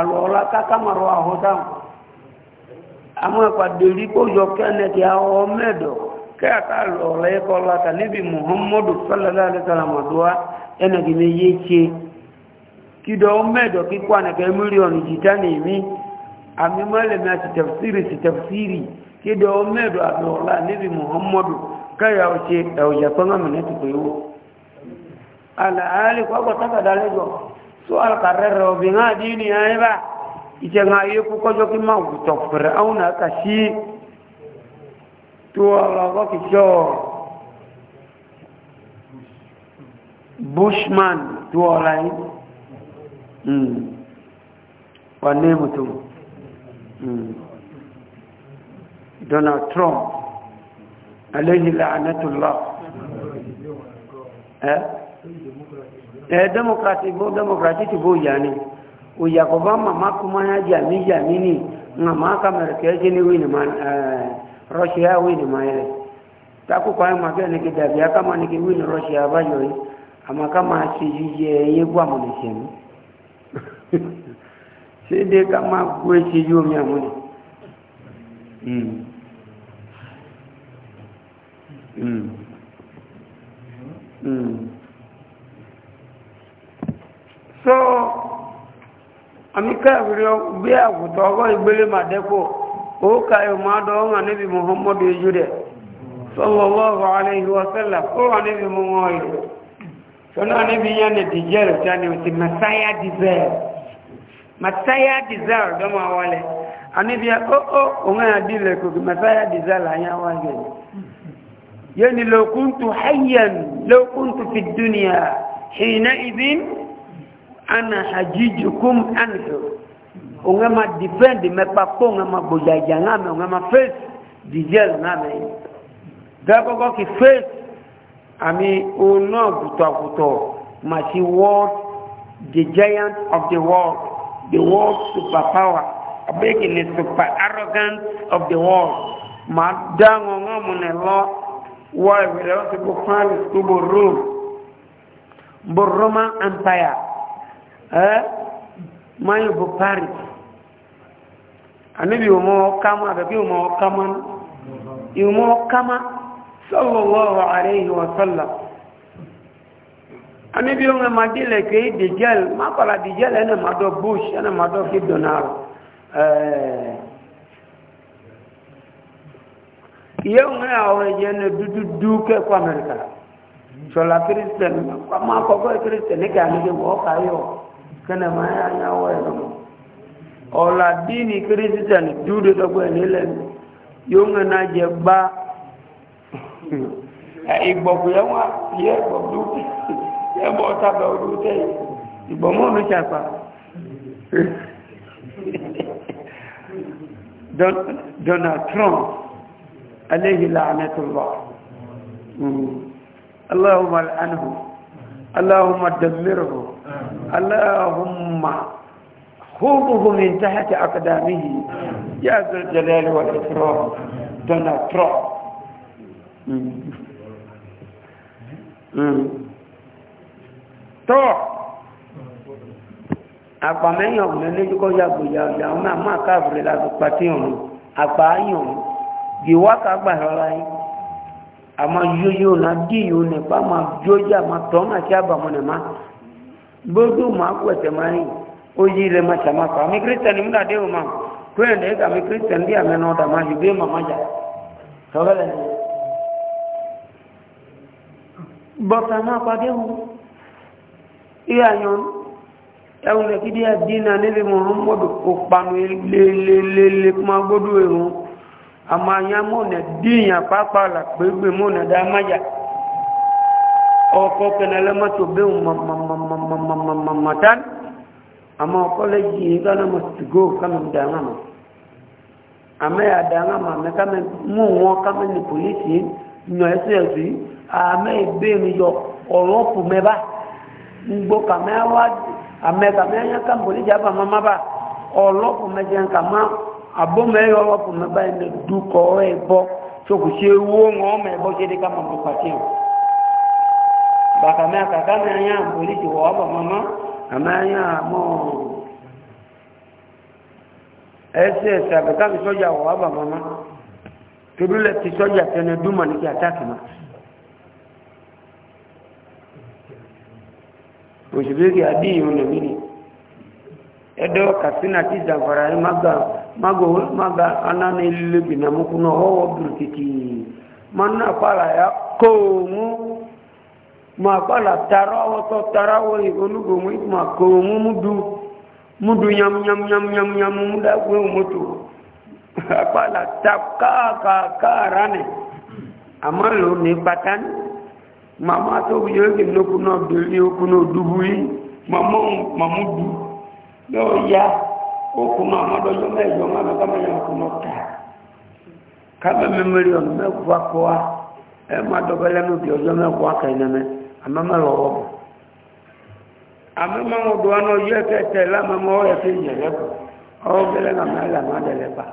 alọ́ọ̀lá kákàmọ̀rọ̀ àhọ́dáhùn àmọ́ ìpàdérí kó yọ kẹ́nẹ̀kì àwọ̀ mẹ́dọ̀ kẹ́ẹ̀ká lọ́ọ̀lá ẹ̀kọ́ láta níbi muhammadu sallallahu alaihi wasallam ẹnẹ̀kì mi yé ṣe kídọ̀ mẹ́dọ̀ kíkọ́ ànẹ̀kẹ́ mílíọ̀nù jìtá nìmí àmì mọ́lẹ̀mí àti tẹ̀fsírì sí tẹ̀fsírì kídọ̀ mẹ́dọ̀ àlọ́ọ̀lá níbi muhammadu kẹ́yà ọ̀ṣẹ́ ẹ̀ọ̀yà pẹ́ su'al karrar rabbi nga dini ya ba ite nga ye ku ko joki ma ku tok fer auna ka bushman to ala yi mm wanne mutum mm donald trump alayhi la'natullah eh ẹ eh, democracy bo democracy ti bo yani o ya ko ba mama kuma ya jami jami ni nga ma ka mer ke je ni win man eh russia win ma ile ta ku kwa ma ke ni ke da ya kama ni ke win russia ba yo yi ama kama si je ye gwa mo ni sem se de kama gwe si yo mi amu ni mm mm mm so amika ìrìn gbé àgùtọ̀ ọgọ́ ìgbélé màdẹ́kò ó ka ìmọ̀ àdọ́ ọ̀hún àníbi muhammadu ojú rẹ̀ sọlọ́lọ́wọ́ aláìhí wọ́sẹ́là ó wà níbi mú wọn ìlú sọ́nà níbi yẹn ní dìjẹ́ rẹ̀ tí a ní ti masaya desire masaya desire dọ́mọ wọlé àníbi ó ó òun yà dí lè kòkè masaya desire láyé wáyé yẹn ni lókùntù hayyan lókùntù fi dúnìyà ṣìnà ìbí ana hajijukum anhu onge ma defend me papo onge ma bojaja ngame onge ma face dijel ngame dako ko ki face ami uno buto buto ma si world the giant of the world the world superpower abeki ni super arrogant of the world ma dango ngomo ne lo wa vile wote kufani kubo Rome Boroma Empire eh mayu bukari anabi umo kama abi umo kama umo kama sallallahu alayhi wa sallam anabi unga madile ke dijal makola dijal ene mado bush ene mado kidonaro eh iyo nga awe jene dudu duke kwa amerika so la kristen ma ko ko kristen wo kẹ́nà máa yá yáwọ́ ẹ̀nà mọ́ ọ̀la díìnì kírísítẹ̀nì dúró tọ́gbọ́ ẹ̀ nílẹ̀ yóò ń gana jẹ bá ìgbọ̀kù yẹn wá yẹ ìgbọ̀kù yẹn bọ́ tábẹ̀ ojú tẹ̀ ìgbọ̀mọ́ mi ṣàpá donald trump aléhìlá anẹ́tọ̀lọ́ اللهم الأنهم اللهم دمره اللهم خوضه من تحت أقدامه يا ذا الجلال والإكرام دونالد ترامب tọ́ àpàmẹ́yìn ọ̀gbìn lójúkọ́ yàgbò yàgbò àwọn àmọ́ àkáàbùrẹ̀ láti pàtíyàn àpàáyàn gíwákàgbà rọ́láyìn ama yoyo na diyo ne pa ma joja ma tona cha ba mo ne ma bodu ma ko te mai o yi le ma cha ma pa mi kristian mi na de o ma kwende ka mi kristian dia me no da ma ju be ma ma ja to ga le bota na pa de o iya yon ẹ̀hùn lẹ́kídí àdínà nílé mọ̀hánmọ́dù kò panu lélelele kó máa gbọ́dọ̀ èrò amanya mone dinya papa la bebe mone da maja oko kenele mato be matan ama oko le jinga na mastigo kama mdanga ma ama ya danga ma me kama muwo kama ni polisi no ese esi ama ebe mi yo ọ̀rọ̀ fún mẹ́bá gbogbo kàmẹ́ wá àmẹ́kàmẹ́ yẹn kàmbò níjà bàmọ́ má bà ọ̀rọ̀ fún mẹ́jẹ̀ kàmọ́ abome yo wapo mabane duko ebo sokuche uo ngome ebo chede kama mtupatia baka mea kakame anya polisi wa wapa mama amanya mo ese sabekami soja wa wapa mama kidule kisoja tene duma nikiataki ma ushibiki adii unabini edo katsina ti zamfara maga maga maga anani libi na muku na howo burkiti manna pala ya komu ma pala tarawo to tarawo i olugo mu ma komu mudu mudu nyam nyam nyam nyam nyam muda gwe mutu pala tapka ka karane amalo ni patan mama to yogi nokuno dili okuno dubuyi mama mamudu yóò ya òkú máa mọ́ lọ́jọ́ mẹ́jọ máa mẹ́ta mẹ́jọ òkú mọ́ ta kábẹ́ mímílíọ̀nù mẹ́wàá kọ́ wa ẹ má dọ́gbẹ́ lẹ́nu bí ọjọ́ mẹ́wàá kẹ́nẹ́mẹ́ àmọ́ mẹ́lọ rọ́bù àmọ́ máa ń dùn ọ́nà yẹ kẹtẹ lámàmọ́ ọ̀rẹ́ fi yẹ lẹ́kọ̀ọ́ ọ̀rọ̀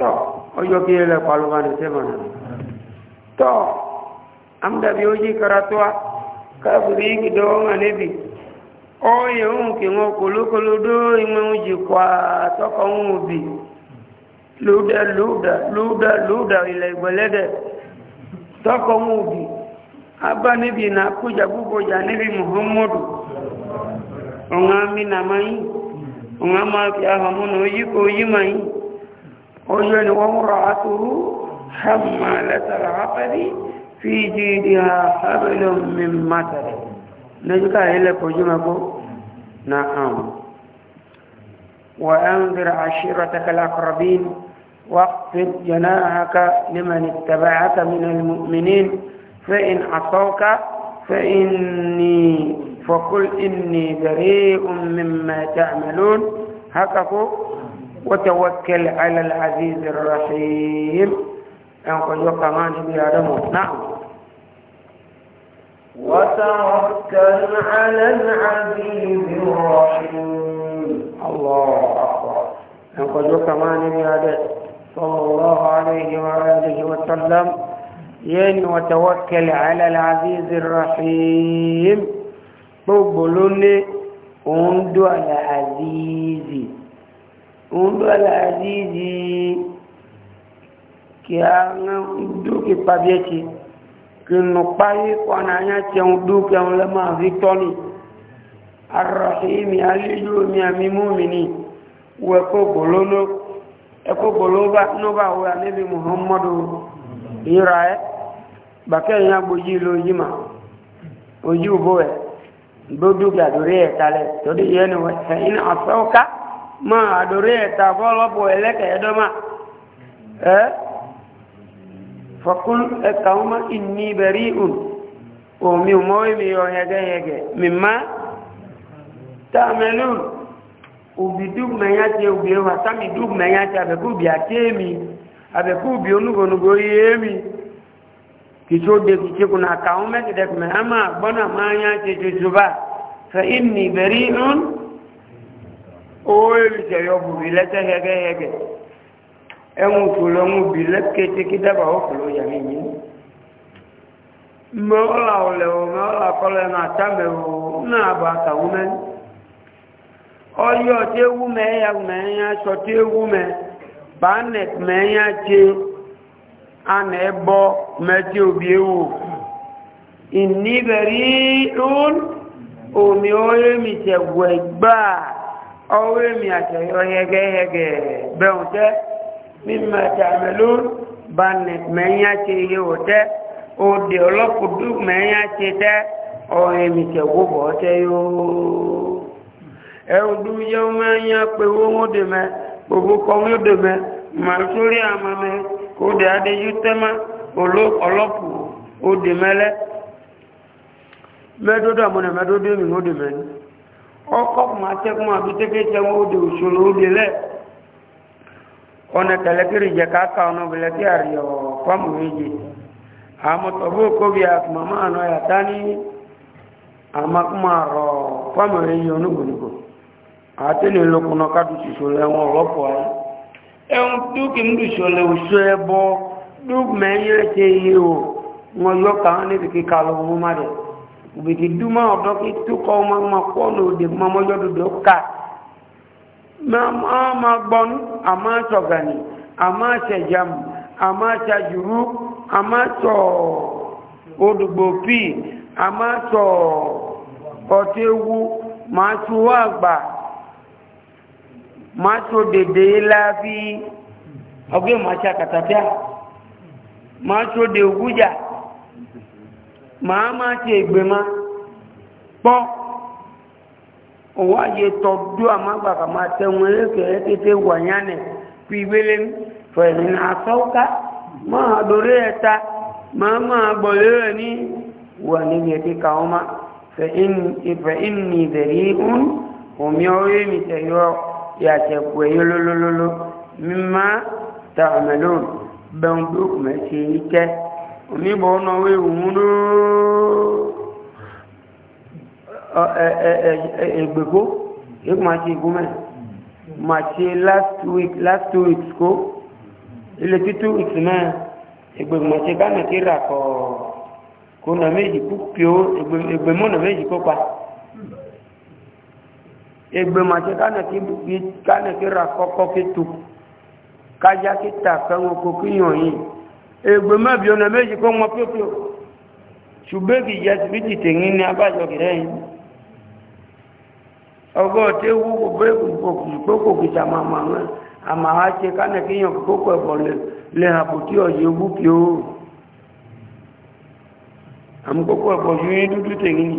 tọ́ ọjọ́ kí ẹlẹ́pàá ló bá ní sẹ́mọ̀nà tọ́ àmúdàbí ó yí karatuwa. káfíìrì ìkìdọ̀ ọ̀hún ànẹ́bì ọ̀yẹ̀ ohun kì wọ́n kòlókòló dó ìwọ̀n ohun jì kwa tọkọ̀ ohun òbí lóòdà lóòdà lóòdà lóòdà ilẹ̀ ìgbẹ̀lẹ́dẹ̀ tọkọ̀ ohun òbí abánẹ́bì nà kójà níbi muhammadu ọ̀hún na ma yìí ọ̀hún àmà oyí kò yí ni wọ́n rọ̀ àtúrú hàmà lẹ́sàrà في جيدها حبل من مطر نجكا إلى كجمكو نعم وأنذر عشيرتك الأقربين واخفض جناحك لمن اتبعك من المؤمنين فإن عصوك فإني فقل إني بريء مما تعملون هكذا وتوكل على العزيز الرحيم أنقذ كمان بيادمه نعم وتوكل على العزيز الرحيم الله أكبر نقول كمان يا صلى الله عليه وآله وسلم ين وتوكل على العزيز الرحيم بقولوني اوندو على عزيزي اوندو على عزيزي كي انا كي بابيتي kinukpai kwananya cheudu keulema vitoni arrahimi alijumi amimumini wekogolono ekogoloba noba wa nabi muhammadu irae eh? bakenya boji lojima oji uboe dodu gadore tale e todi yene wa in asauka ma adore e ta bolobo eleke edoma eh فقل أقوم إني بريء ومي موي يهجا يهجا مما تعملون ubidug mẹyàtẹ obìnrin wa sami dug mẹyàtẹ abẹkúbi àtẹmí abẹkúbi onugonugo yémi kìtì ó de kìtì kùnà àkàwọn mẹtẹdẹkùnmẹ àmà gbọnà máa yàtẹ tuntun bá fẹ ìnì bẹrí ń ó èrìṣẹ yọ bùbí lẹsẹ hẹgẹhẹgẹ. ẹ̀wọ̀n òfòlò ọmọ òbí lẹ́kẹ̀ẹ́tẹ́ kí dábà òfòlò yàmì yìí mẹ́ ọ́là ọ̀lẹ̀wọ̀ mẹ́ ọ́là kọ́lẹ̀ náà tàbẹ̀wò náà bà kàwú mẹ́ ọyọ́ tí ewu mẹ́ ẹ̀yà mẹ́ ẹ̀yà sọ tí mímọ̀ tàmẹ̀lú o mẹ́yà ṣe yẹ ò tẹ́ òdè ọlọ́kùdú mẹ́yà ṣe tẹ́ ọ̀rẹ́ gbogbo ọ̀tẹ́ yóò ẹ̀rùn dúró yẹ pé owó dè mẹ́ gbogbo kọ́wé dè mẹ́ màá sórí àmà mẹ́ kó dẹ̀ adéjú tẹ́mà ọlọ́pù òdè mẹ́lẹ́ mẹ́dọ́dọ́ àmọ́nà mẹ́dọ́dọ́ mi ó dè mẹ́ ọkọ̀ máa tẹ́kùn àbí ona kalakiri jaka ka ono bilati ariyo kwa mwiji a tobu kobi ak mama ano ya tani amakmaro kwa mwiji onu gunigo atini lokuno kadu sisole lopo ai e mdu sole menye te yo ni bi ka lo duma odo tu ko ma ma de ma máa ma gbọ́n a máa tọ̀gànì a máa tẹ̀jàm a máa tẹ̀jùrú a máa tọ̀ odùgbò pí a máa tọ̀ ọ̀tẹ́wú máa tún àgbà máa tún dèdè láàbí ọgbẹ́ máa tẹ́ àkàtàbíà máa tún dè ma máa maa tẹ́ egbema pọ́ òun àyè tọdú àmàgbàkà máa tẹ̀wọ̀n ẹ̀kẹ́ tètè wànyánì fi wélé fẹ̀mí àsọ́ká máa dorí ẹ̀ta máa máa gbọ̀lé rẹ̀ ní wà níbi ẹ̀kẹ́ káwọn má fẹ̀ ìní ìbẹ̀rí ń omi orí mi tẹ̀yọ yàtẹ̀kù ẹ̀yọ lólólóló mímá tààmẹ̀lò bẹ̀rùn bí ó kùmẹ̀ ṣe yí ọ́nà wéwùn náà egbeko yóò máa ṣe igun mẹ́rin máa ṣe last week last two weeks kó ilé tí two weeks mẹ́rin egbeko máa ṣe gánà kí rà kọ́ kó nà méjì kú pio egbemọ́ nà méjì kópa egbe máa ṣe gánà kí rà kọ́kọ́ kí tu kájá kí tà fẹ́ràn oko kí yàn yìí egbe mẹ́bi ọ̀nà méjì kó wọn pépè ṣùgbẹ́gì yẹtù bí tìtẹ̀ yín ní abájọ kìrẹ́yìn ọgọ́ tí wú gbogbo kìtà màmá rẹ̀ àmà á ṣe kánẹ̀ kí yàn kókò ẹ̀bọ̀ lè àpò tí ọ̀yẹ́ wú kí ó àmì kókò ẹ̀bọ̀ yú ní dúdú tèrí ni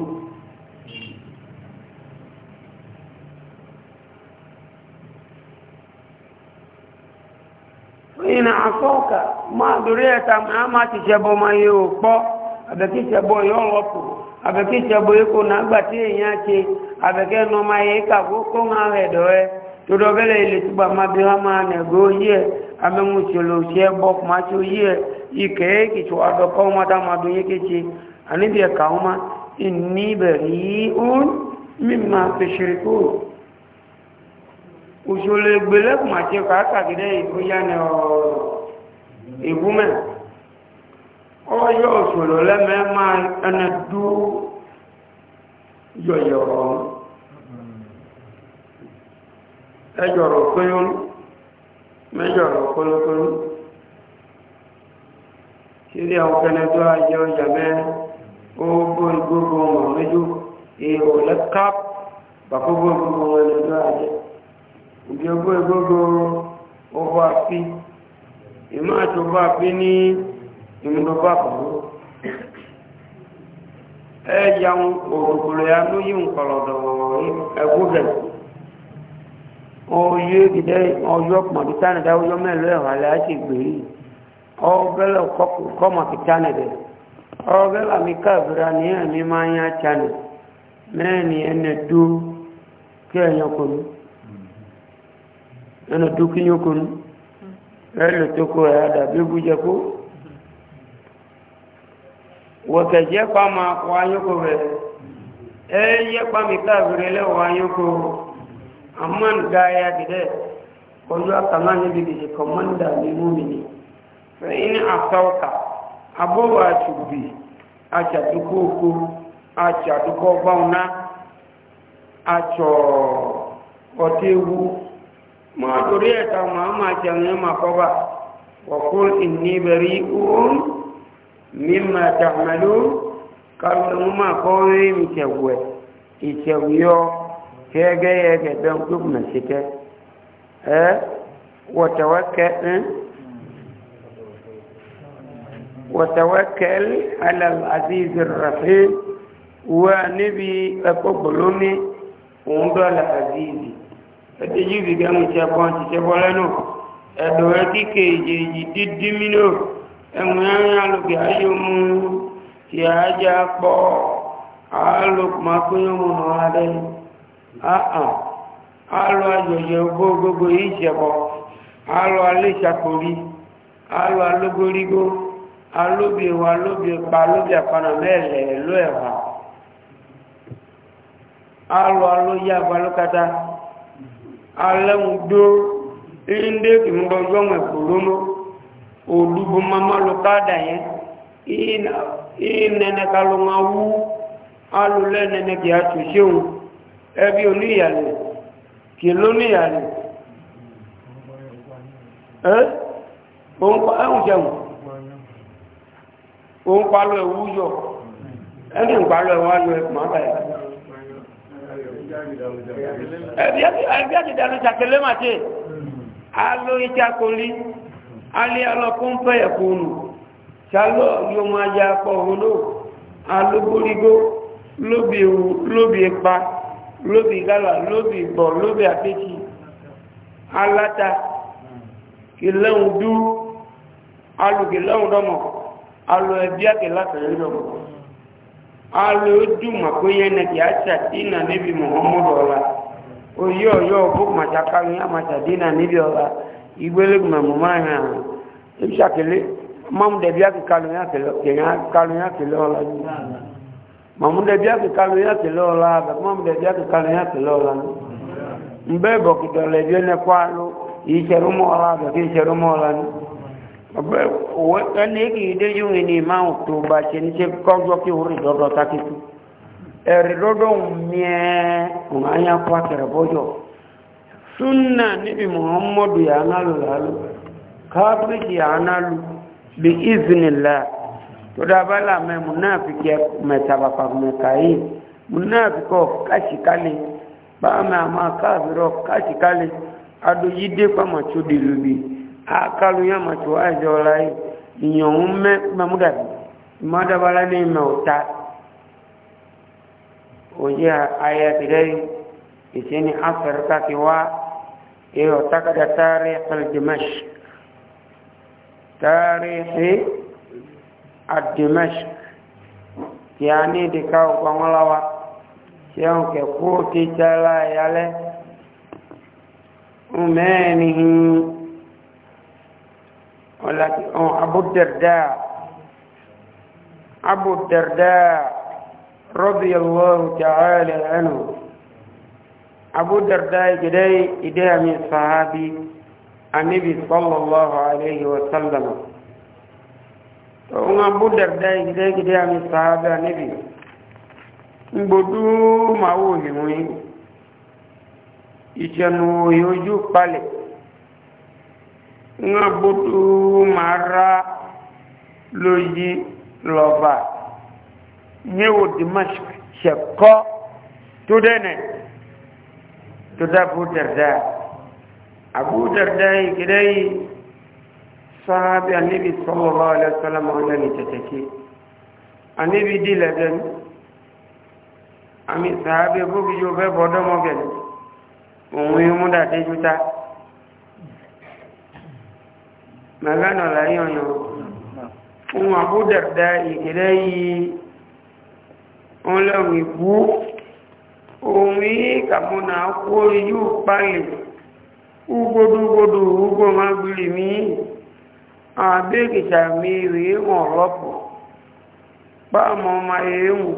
ìnà àfọ́ọ̀kà máa dórí ẹ̀ta máa ti ṣẹbọ máa yẹ òpó àbẹ̀kí ṣẹbọ yọ́ lọ́pùrù abeke tsɛbo yi ko na agbate yi nya tse abeke nɔma yi ka ko ko ŋa hɛ dɔ yɛ toɖɔ bɛ le le tuba ma bi hama nɛgo yi yɛ ameŋutsolo tse bɔ kuma tso yi yɛ yi ke ye kitso adɔ kɔn ma e ta ma do yi ke tse ani bi kawo ma ni bɛ yi un mi ma fesiri ko òṣòlè gbélé kuma tse ọyọ òṣòro lẹ́mẹ́ máa ẹni dú yọ̀yọ̀rọ̀ ẹjọ̀rọ̀ kóyún mẹ́jọ̀rọ̀ kólókóló sílé ọkẹ́ni tó ayé ọjà mẹ́ ogbó igbógbó ọmọ méjì ihò lẹ́káp bàkógbó igbógbó ẹni ayé òbí gbogbo ìmáàtò bá fi ní inú bá kọ̀ọ̀ ẹ̀yà òkùnkùnrin ya ló yí nkọ̀lọ̀dọ̀ ẹ̀gúgẹ̀ oyé gidẹ́ ọjọ́ pọ̀n títánidá ọjọ́ mẹ́lẹ́ ẹ̀họ̀ alẹ́ àti ìgbèrí ọgbẹ́lẹ̀ kọ́mọ̀ títánidẹ̀ ọgbẹ́lẹ̀ mi káàbìrà ní ẹ̀mí máa ń yá tánì mẹ́rin ẹni dú kí ẹ̀yàn kọ́nu ẹni dú kí ni ó kọ́nu ẹ̀ lè tó kó ẹ̀ dàbí bújẹ́ kó. wọ̀kẹ̀jẹ́ pa ma wà yóò rẹ̀ ẹyẹ pa mi káàkiri lẹ́wọ̀ ayókò amman gaya gidẹ kọjú àtàlá níbi gidi kọmọ́ndà ní múmini fẹ́yìn àtọ́ọ̀kà abọ́wà àtùbì àṣàdúkọ́ oko àṣàdúkọ́ báwọná àṣọ ọ̀tẹ́wu máa torí ẹ̀ta máa máa jẹun ẹ̀ máa kọ́ bá wọ̀kúl ìníbẹ̀rí òun mímọ̀ tàmàlú kálùmọ́ kọ́wé ìtẹ̀wẹ̀ ìtẹ̀wẹ̀ kẹ́gẹ́yẹgẹ́ dán gbogbo síkẹ́ ẹ́ wọ̀tẹ̀wẹ́kẹ́ ń wọ̀tẹ̀wẹ́kẹ́ alàzízi rafẹ́ wà níbi ẹ̀kọ́ gbòlómi òun dọ́là àzízi ẹ̀tẹ́ yìí gẹ́gẹ́ mú ṣẹ́kọ́ ti ṣẹ́kọ́ dídí mínú ẹ̀wọ̀n ẹ̀rin alùgbé ayọ́mú tí a jẹ́ apọ̀ alùpùpákúnyọ́mù náà rẹ̀ àà alù ayọ̀yẹ̀ gbogbogbò ìṣẹ̀bọ̀ alù alẹ́ṣàkórí alù alógórígó alóbìẹ̀wò alóbìẹ̀pa alóbìẹ̀panà mẹ́lẹ̀ ló ẹ̀wà alù alẹ́mùdó olubu mama Luka yẹn ii nẹnẹ wu alu lẹ nẹnẹ kì á tù sẹun onu oníyàlẹ kì lóníyàlẹ ẹ òun kọ ẹhùn jẹun alu yọ alu ẹwú alu ẹ kùmà bàyà ẹbi ẹbi ẹbi ẹdi dàlú alẹ́ ọlọ́kún fẹ́yẹ̀ fóònù ṣálọ́ yóò máa ya akọ òhúnó alóbórígó lóbi ewu lóbi ipa lóbi gálà lóbi ìbọ̀ lóbi àtẹ́kì aláta kìlẹ́hùn dú alùkìlẹ́hùn dọ́mọ̀ alù ẹbí dọ́mọ̀ alù àṣà dínà níbi mọ̀ọ́mọ́dọ̀ ọ̀la ọ̀yọ́ dínà níbi ọ̀la. igbelegun na mọ̀mọ́ ẹ̀hìn àrùn ìṣàkèlé mọ́mùdẹ̀bí àkìkalù yá kèlé ọlá ní mọ́mùdẹ̀bí àkìkalù yá kèlé ọlá abẹ mọ́mùdẹ̀bí àkìkalù yá kèlé ọlá ní mbẹ́ ìbọ̀kìtọ̀lẹ̀ bí ẹni kọ́ àlọ́ ìṣẹ̀rúmọ́ ọlá abẹ kí ìṣẹ̀rúmọ́ ọlá ní ẹni kì í dé yóò ní ìmọ̀ tó bá ṣe ní ṣe kọ́jọ́ kí orí dọ́dọ̀ takitu ẹ̀rí dọ́dọ̀ mìíràn òun á yá kó àkẹrẹ tunu na anyị bi mụ ha ọmụdụ ya ha n'alu la ha lu kaprịtị ha n'alu bụ izini la todabala m mụ naapị kpọmịta bapamị kashi ị ba naapị ka ọ kaachị kaalị baa ama maa kapri ọ kaachị kaalị a dị i de kpama tso di lu ya ma tso ịzụ ịla ị nye ụmụ mmadu abala na ya mụ ta ọ ya اعتقد تاريخ الدمشق تاريخ الدمشق يعني دكاو بانغلاوا يوم كفوتي تلا يالي أمانه ولكن أبو الدرداء أبو الدرداء رضي الله تعالى عنه abu darda gidai idaya min sahabi annabi sallallahu alaihi Wasallam. sallam abu darda gidai gidaya min sahabi annabi ngbodu mawo ni mu ìṣẹ̀nu yójú palẹ̀ ń gbódú máa rá lóyí lọ́ba ní òdìmọ̀ ṣẹ̀kọ́ tó dẹ́nẹ̀ẹ́ tó dábò dàrdà àbò dàrdà yìí kìdá yìí sáábì àníbi sọlọ́lá ọlẹ́sọ́lámọ́ ọlẹ́ni tẹ̀tẹ̀kì àníbi dìlẹ̀ dẹnu àmì sáábì bóbi yóò fẹ́ bọ́ dọ́mọ́gẹ̀lẹ́ òun yóò múdà déjú ta màgánà láyé ọ̀yọ́ fún àbò dàrdà ìkìdá yìí wọ́n lọ́wọ́ ìbú òun yìí kàmúnà kórí yóò pàlè ugbódúgbódú ugbó máa gbìlì mí àbẹ́kìtà mi rí wọn rọ́pọ̀ páàmọ́ ma èéhùn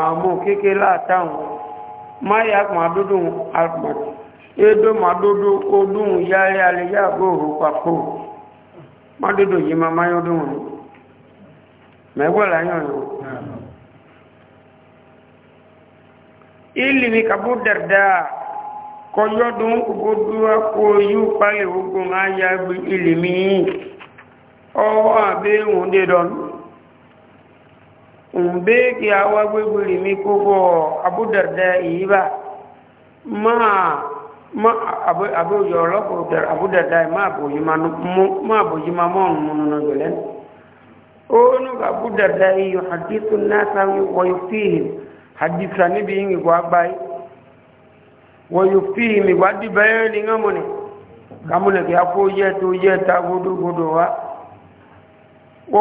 àmọ́ kéèké látàwọn máyà kùn àdúdùn alpàdì édó màdúdú odún yáyé alẹ́yà gbòòrò papò mádúdù yìí máa máyọ́dún wọn mẹ́gbọ́lá yàn yàn ilimi kabu darda koyodun kubuduwa koyu pale ogun aya bi ilimi o abe wonde don umbe ki awa gbegbe ilimi kobo abu darda iba ma ma abu abu yoro ko dar abu darda ma bo yima ma bo yima mo nuno jole onu abu darda yuhaddithu an-nasa wa yufihim hadisa níbi yìí nìkọ́ agbáyé wọ́n yóò fi ìmìgbà dìbẹ̀ ni kàmúlẹ̀ kí a kó yẹ ta wa wọ́n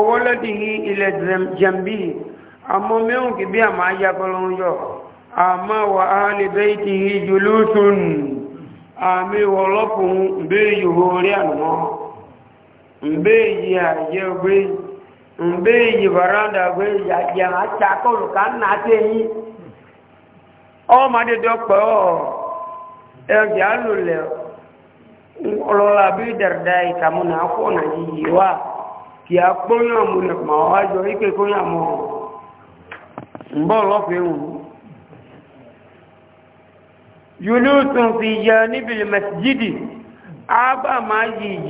wọ́lọ́ di yí ilẹ̀ jambi àmọ́ mẹ́rùn kì bí àmà ayakọlọ́ yọ àmọ́ wà á lè bẹ́ ti yí jùlúùtùn àmì wọ́lọ́pùn bẹ́ yòó rí àná bẹ́ yí ọmọdé dọ́pẹ́ ọ̀ ẹ̀jẹ̀ alùlẹ̀ ọlọ́lá bí dẹ̀rẹ̀dá ìkàmú náà kọ́ ọ̀nà yìí wá kì á kpóyàn mú nà ma wá jọ ike kóyàn mọ́ bọ́ọ̀lù ọ̀fẹ́ wù. yunusùn fi yẹ níbi mẹsìgídì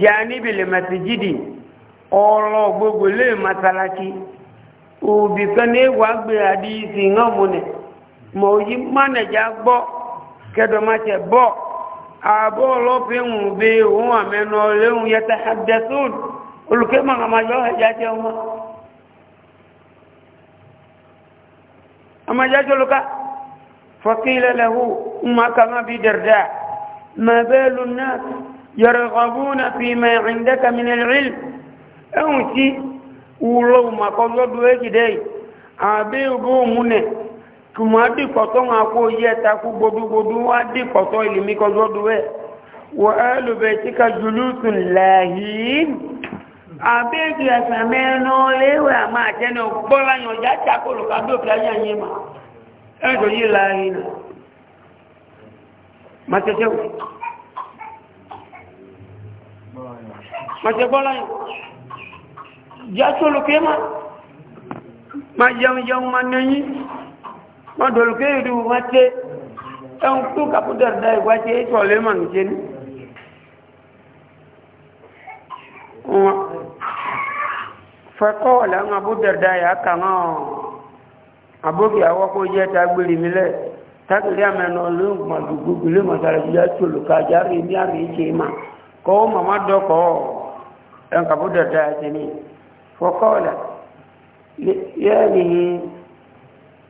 yẹ níbi mẹsìgídì ọlọ gbogbo lè masalaki òbí kan ní wàá gbé mọ̀ òyí mánẹ̀já gbọ́ kẹdọ̀máṣẹ̀ bọ́ ààbọ̀ ọlọ́pẹ̀hùn bí òun àmẹ́nà léhun yẹta abdẹ́sùn olùkẹ́ màmàjọ́ ẹ̀já jẹ́ wọn àmàjá jọlọ́ká fọ́kílẹ̀lẹ́hù mọ́kànlá bí dẹ̀rdà mẹ́bẹ́lú náà yẹ̀rọ̀gbọ́n fi mẹ́rin dẹ́ka mìíràn ẹ̀hùn sí wùlọ́wùmọ̀kọ́ lọ́dún èjìdẹ́ àbí ògbóhùn náà tùmọ̀ adìkọ̀tọ́ wọn kó yẹ takú gbodúgbodú wọn adìkọ̀tọ́ ìlìmí kọjọ́dú ẹ̀ wọ ẹlùbẹ̀ tí ka jùlùsùn lẹ́yìn àbẹ́jù ẹ̀sẹ̀ mẹ́rin léwẹ̀ àmà àtẹ́nà gbọ́láyàn já takòlò kádòkè ayé ayé ma ẹ̀dọ̀ yìí láàrin náà màtẹ́tẹ́ wò màtẹ́ gbọ́láyàn já tólùkẹ́ ma ma jẹun jẹun ma nẹ́yìn wọ́n dọ̀lùkẹ́ ìrù wọ́n tẹ́ ẹun tó kàpùtẹ̀rẹ̀dá ìgbà tẹ́ ìtọ̀lẹ́ mọ̀ ní ṣe ní fẹ́kọ́ọ̀lẹ́ àwọn abúdẹ̀rẹ̀dá yà kàná àbókè àwọ́ kó jẹ́ tagbèrè mílẹ̀ tagbèrè àmẹ́nà olóògùn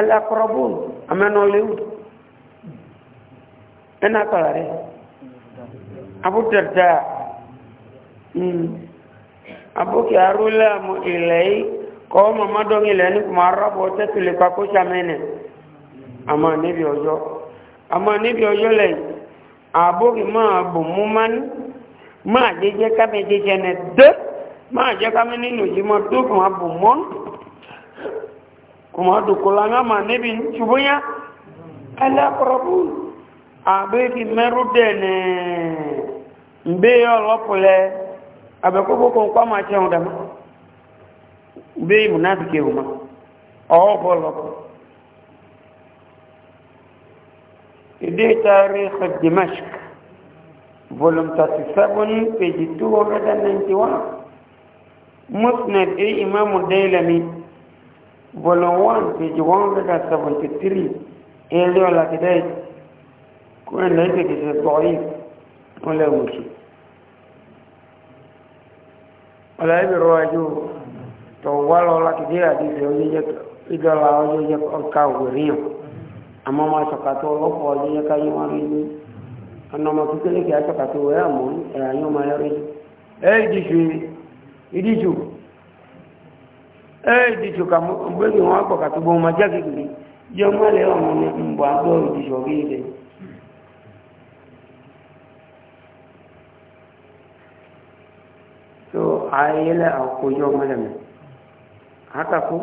alakorobun amẹ́nọ́léwù ẹ̀nà àkọ́lá rẹ̀ abúdàdà hmm. abókè arúlẹ̀ àmọ́ ilẹ̀ yìí kọ́ mọ̀mọ́dọ́n ilẹ̀ ní kùmọ̀ arábọ̀ tẹ́tùlẹ̀ pàkóṣà mẹ́nẹ̀ àmọ́ níbi ọjọ́ àmọ́ níbi ọjọ́ lẹ́yìn àbókè máa bò mú mání máa jẹ́jẹ́ kábẹ́jẹ́jẹ́ nẹ̀ dé máa jẹ́ kábẹ́ nínú ìjímọ̀ tó kùmọ̀ bò mọ́nù kuma ma manebi nchubunya ala korobun abeki merudene mbeyo lopule abekoko konkwa mache ndama mbeyi munafike uma oho lopo ide tarikh dimashq volume 37 page 291 مسند اي امام الديلمي volume One, page 173 ilé ọ̀la kìdẹ́ kó ẹ̀lẹ́ ìgbèkè ṣe pọ̀ yìí wọ́n lẹ́ òkè ọ̀la ìbẹ̀rọ ajú tó wà lọ ọ̀la kìdẹ́ àdìsẹ̀ ìdọ́la ọjọ́jẹ́ ọ̀ka òwèrìyàn àmọ́ máa ṣọ̀kàtọ̀ ọlọ́pọ̀ ọjọ́jẹ́ káyé wọn rí ní ọ̀nà ọmọ kékeré kìí ṣọ̀kàtọ̀ wẹ́ àmọ́ ẹ̀yà yóò máa yọrí ẹ̀ẹ́dìṣù ìdíṣù ìdíjò kà gbẹ́gbẹ́ wọn àgbọ̀ kà tó gbọ́n ma jáde yọ mọ́lẹ̀ ọmọ mbọ̀ àgbọ̀ ìdíjò rí rẹ̀ tó ayélẹ̀ àkójọ mọ́lẹ̀ mẹ́ àkàkó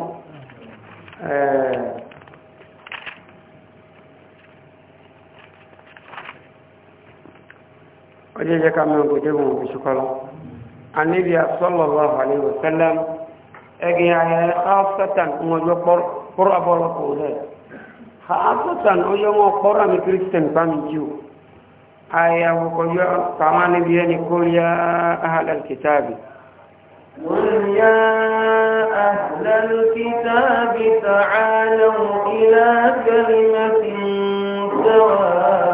ọjọ́ jẹ́ ká mẹ́rin kò jẹ́ wọn òṣùkọ́ lọ anábíà sọ́lọ́lọ́ àlẹ́ wọ̀sẹ́lẹ́mù ẹgbẹ́ ayẹ haasatan ọjọ́ kọ́rọ̀ abọ́lọ́ kò rẹ̀ haasatan ọjọ́ wọn kọ́rọ̀ àmì christian bami jíò ayẹ awokọ̀yọ́ kàwọn níbi ẹni kó yá ahàlẹ̀ kìtàbì قل يا أهل الكتاب تعالوا إلى كلمة سواء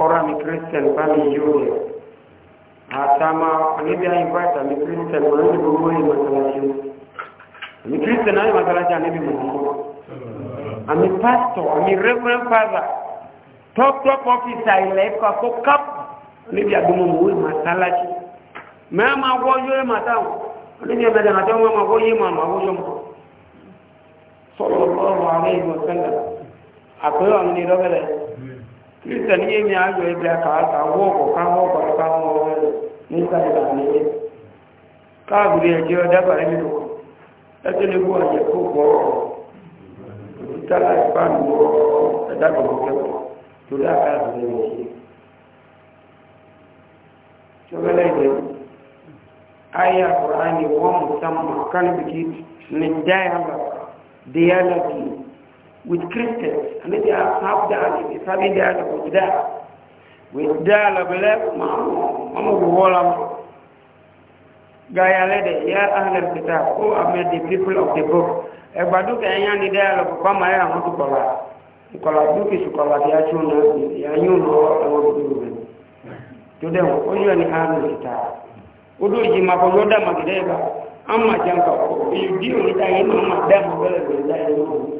kora mi christian ba mi yuri atama onibi ayi kwata mi christian ma ni gbogbo yi masalaci mi christian ayi masalaci anibi muhammadu ami pastor ami reverend father top top officer ilẹ̀ ẹ̀kọ́ àkó cap onibi adumu mu wi masalaci mẹ́ẹ̀ma wọ́ yóò ma táwọn onibi ẹ̀mẹ́dẹ̀ àti ọmọ ma wọ́ yé ma ma wọ́ yọ mọ́ sọlọ́ọ̀lọ́ọ̀rọ̀ àwọn èèyàn sẹ́lẹ̀ àpérò àwọn ènìyàn lọ́gẹ̀lẹ̀ kristian ihe mi ajọ ịbịa ka aka wụọ ọkọ ka ha ọkọrọ ka ha ọrụ n'ịsa ịba n'ihe káàbùrì ẹjẹ ọdábàá nínú ẹjẹ lébú ọjẹ kó pọ òtítàlá ìbánu ẹdábàá kẹwàá torí àkáàbùrì ẹjẹ ṣọgbẹlẹ ìdẹ ayé àkùrá ni wọn mú sàmù kánibìkì nìjáyà bàbá díyàlàkì with Christians. And they have half dialogue, it's having dialogue with that. With that level, dialogue left, Mama Wolam. Gaya lede, ya ahlal kitab, who are made the people of the book. Ẹgbàdú kẹ̀yà ni dialogue bá máa ya wọ́n tó kọ̀lá. Ìkọ̀lá dúkì ṣùkọ̀lá tí a tún náà sí, ìyá yóò lọ ẹwọ́n tó dúró rẹ̀. Tó dẹ̀wọ̀n, ó yọ ni ahlal kitab. Ó dó ìjì máa kọjọ́ dàmà gidẹ́ ìgbà. Á máa jẹun kàkọ́, èyí dí òní táyé máa máa dàmà bẹ́ẹ̀ lọ́dọ̀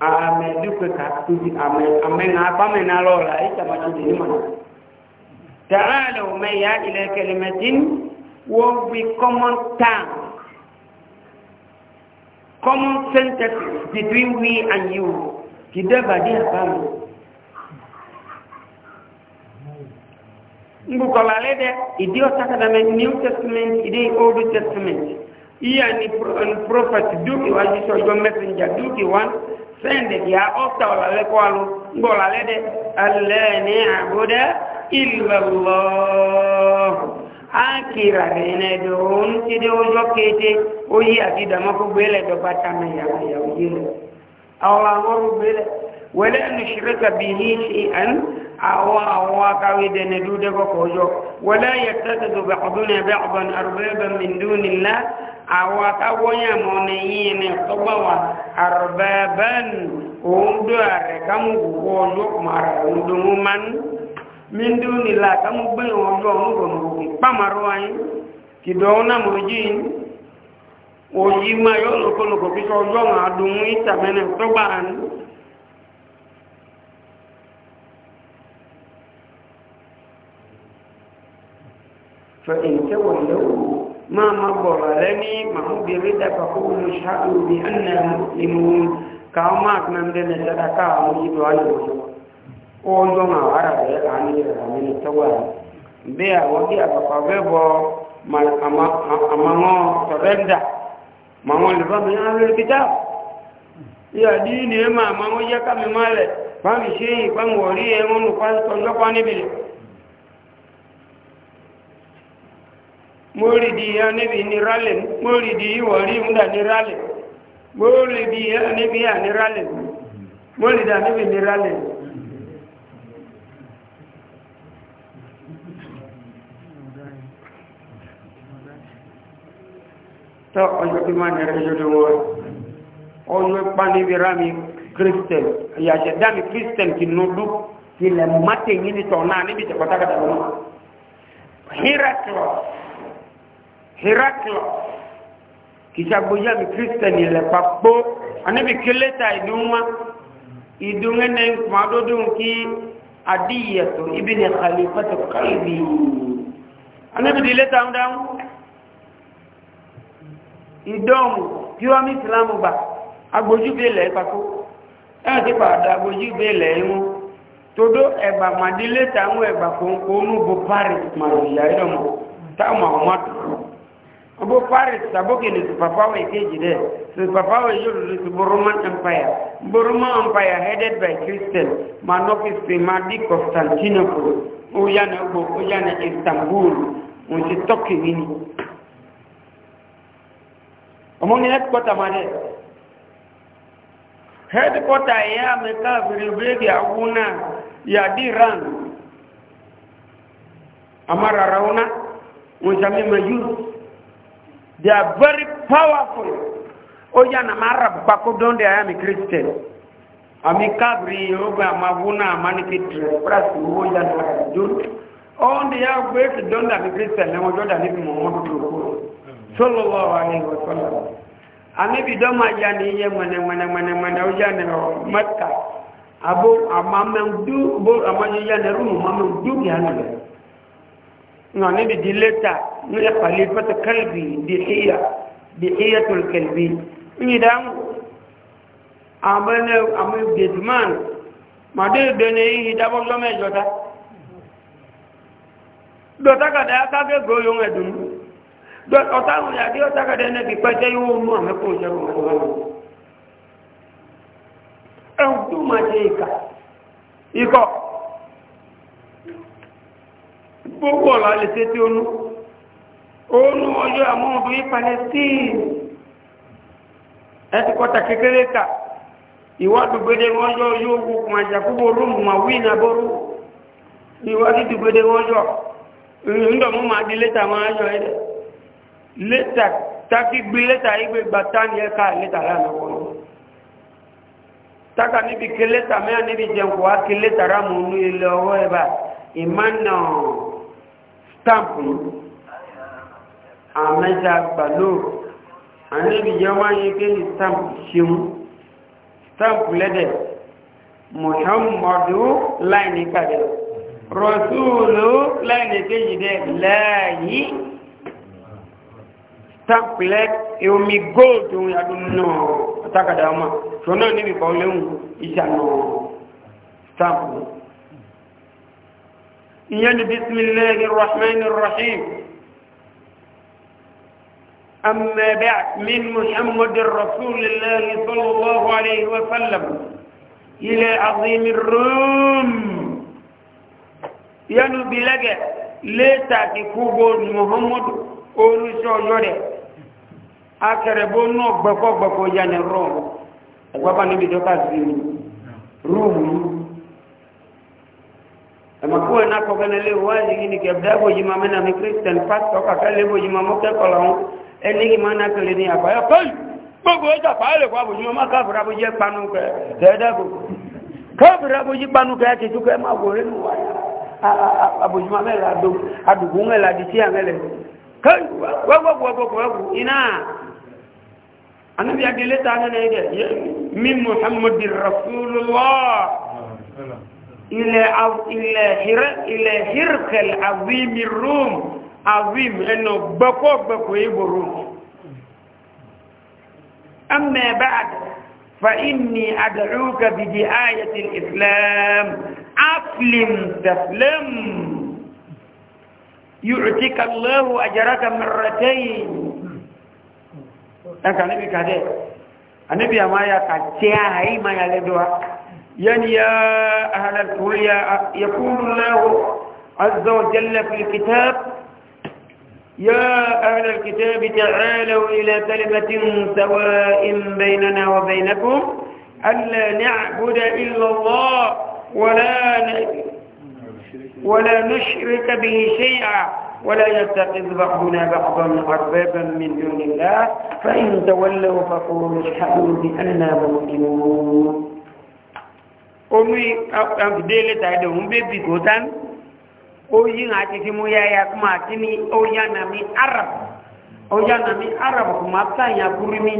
ame dukwe katuji ame ame na hapa ame na lola icha machuji ni mana taala umeya ile kelimatin will be common tongue common sentences between we and you kidaba di hapa ngukola lede idio takada me new testament idi old testament iya ni, pro, ni prophet duki wajisho jo messenger duki one sẹ́ǹdì kì a ọ́pẹ́ ọ̀làlẹ́ kọ́ alú gbọ́ ọ̀làlẹ́ dẹ́ alẹ́ ní àbúdá ákìrà rẹ̀ ti dé ọjọ́ kéde ó yí àti ìdàmọ́ fún àwọn àwọn akáwé dẹni dúdẹ kọkọ jọ wọlé yẹtẹtẹ tó bẹ ọdún ẹbẹ ọgbọn arúgbẹbẹ mìndún nílá àwọn akáwọnyà mọ ní yìí ní tọgbà wà arúgbẹbẹ òun dó ààrẹ kámú gbogbo ọjọ kùmàrà òun dùn ún mánú mìndún nílá kámú gbẹyìn ọjọ òun gbọmọ òkè pàmàrọ wáyé kìdọ̀ ọ̀hún náà mọ̀ ojú yìí kí sọ ọjọ́ àwọn adùn ún فإن تولوا ما مبر لني ما هو برد فقولوا اشهدوا بأننا مسلمون كامات من دين صدقاء مجد عليهم أولونا عربي عني من التوالي بيا ودي أبقى ما أمامه surrender ma wọn lè fámi ààrẹ kìtà ìyàdí ní ẹmà ma wọ́n yẹ́ kàmì máa rẹ̀ fámi ṣe ìpamọ̀ rí mórìdì ya níbi ní rálẹ̀ mórìdì ìwọ̀ rí múdà ní rálẹ̀ mórìdì ya níbi yà ní rálẹ̀ mórìdà níbi ní rálẹ̀ tọ́ ọjọ́ tí máa nẹ̀rẹ̀ ẹjọ́ tó wọ́n ọjọ́ pa níbi rámi kírísítẹ̀n ìyàṣẹ̀ dámi kírísítẹ̀n kì nùdú kì lẹ̀ mátẹ̀ yìí ní tọ̀ náà níbi tẹ̀kọ́tàkàtà lọ́nà Heraclus kisagboja bi kristẹni lẹ papò anabi keleta idunwa idunwa ne kumadodun ki adiyatu ibini khalifatu kalbi anabi di leta ndan idọmu piwami islamu gba agboju bi lẹ papò ẹn eh, ti padà agboju bi lẹ mu todo ẹgbà màdí leta ń wọ ẹgbà kónkónú bo paris màdìyà ẹdọmọ táwọn àwọn máa dùn obo paris saboke ni superpower ikeji de superpower yoro ni bo roman empire bo roman empire headed by christian manokis primadi constantinople oyana ogbo oyana istanbul unsi turkey nini ọmọ ní headquarter máa dẹ̀ headquarter ya amẹ́ká fèrèbèrè àwúnà yàdí ran amára raúná wọn sàmì mẹ́júù They are very powerful. Oya oh, na mara bako donde I am Christian. Ami kabri yoga mavuna amaniki trespras uoya oh, na kajun. Onde oh, ya kweki donde I'm a Christian. Nemo joda nipi mwomodu tukuru. Sallallahu alayhi wa sallam. Anibi doma ya ni iye mwene mwene mwene mwene oya na matka. Abo amamandu, bo amanyo ya na rumu, amamandu ya na يعني دي ديلتا خليفة كلبي دحية دحية الكلبي ندام أمنا أمي بيزمان ما دي دنيا هدا بقول ما جوتا دوتا كده أكاد يقولون أدون دوتا ولا دي دوتا كده نبي بس يوم ما مكوجا أو دوما جيكا يكو gbogbo ọ̀la lè ṣe tí ó nú òun ọjọ́ àwọn obìnrin palestine ẹti kọta kékeré kà ìwádìí gbede wọn yọ yóò wo kùn àjàkúgbò rúmù mà wí nàbọrú ìwádìí gbede wọn yọ ńdọ̀mú máa di létà máa yọ ẹ létà tákì gbé létà igbe gbàtà ni ẹ ká létà lánàá wọn taka níbi ké létà mẹ́ta níbi jẹun kò wá ké létà rámù nú ilé ọwọ́ ẹ bá ìmánà táàpù àmẹ́ta gbàló àníbi yẹ wáyé kí ní táàpù ṣeun táàpù lẹ́dẹ̀ mọ̀ṣánmọ̀dú láìní kàdẹ̀ rọ̀súùlù láìní kéjì dẹ̀ láàyí táàpù lẹ́ omi góòdù yàdùn náà tákàdà ọmọ ṣọ́nà níbi kan léhùn ìṣànà táàpù ìyẹn ni bisimilahi rahman rahim amma ba'd min muhammad rasulillah sallallahu alayhi wa sallam ila azim rum yanu bilage leta ki kubo muhammad oruso yore akẹrẹ bó náà gbẹkọgbẹkọ yanni rum ẹgbẹ́ bá níbi tó ká sí rúùmù yìí amakuwa nako kana leo wazi gini kebdago jimama na mi Christian pastor kaka lebo jimama ke kolon enigi mana kele ni apa ya pai gbogbo ọjà e pàálẹ̀ kwa bò jimama káfìrà bò jẹ́ panu kẹ kẹ́ẹ̀dẹ́gbò káfìrà bò jí panu kẹ́ ti túkẹ́ máa wò rẹ̀ nùwà àbòjúmọ́ mẹ́lẹ̀ àdùgbò mẹ́lẹ̀ àdìsí àmẹ́lẹ̀ wọ́gbọ̀gbọ̀gbọ̀gbọ̀ iná anábíyàgẹ́lẹ́ta nínú ẹgẹ̀ mímọ̀ hamadu rasulullah إلى عظ إلى هر إلى هرك العظيم الروم عظيم إنه بقى بقى يبروم أما بعد فإني أدعوك بدعاية الإسلام أسلم تسلم يعطيك الله أجرك مرتين أنا كان أبي كذا أنا أبي أمايا تيا هاي ما يلدوا يعني يا أهل الحليا يقول الله عز وجل في الكتاب يا أهل الكتاب تعالوا إلى كلمة سواء بيننا وبينكم ألا نعبد إلا الله ولا ولا نشرك به شيئا ولا يتخذ بعضنا بعضا أربابا من دون الله فإن تولوا فقولوا اشهدوا بأننا مؤمنون omi agidele ta ẹdẹ òun bébì kò tán oyi ń àti tí mo yá ya kó máa tí ní oyá na mi arab oyá na mi arab kò máa sáyà kúrú mi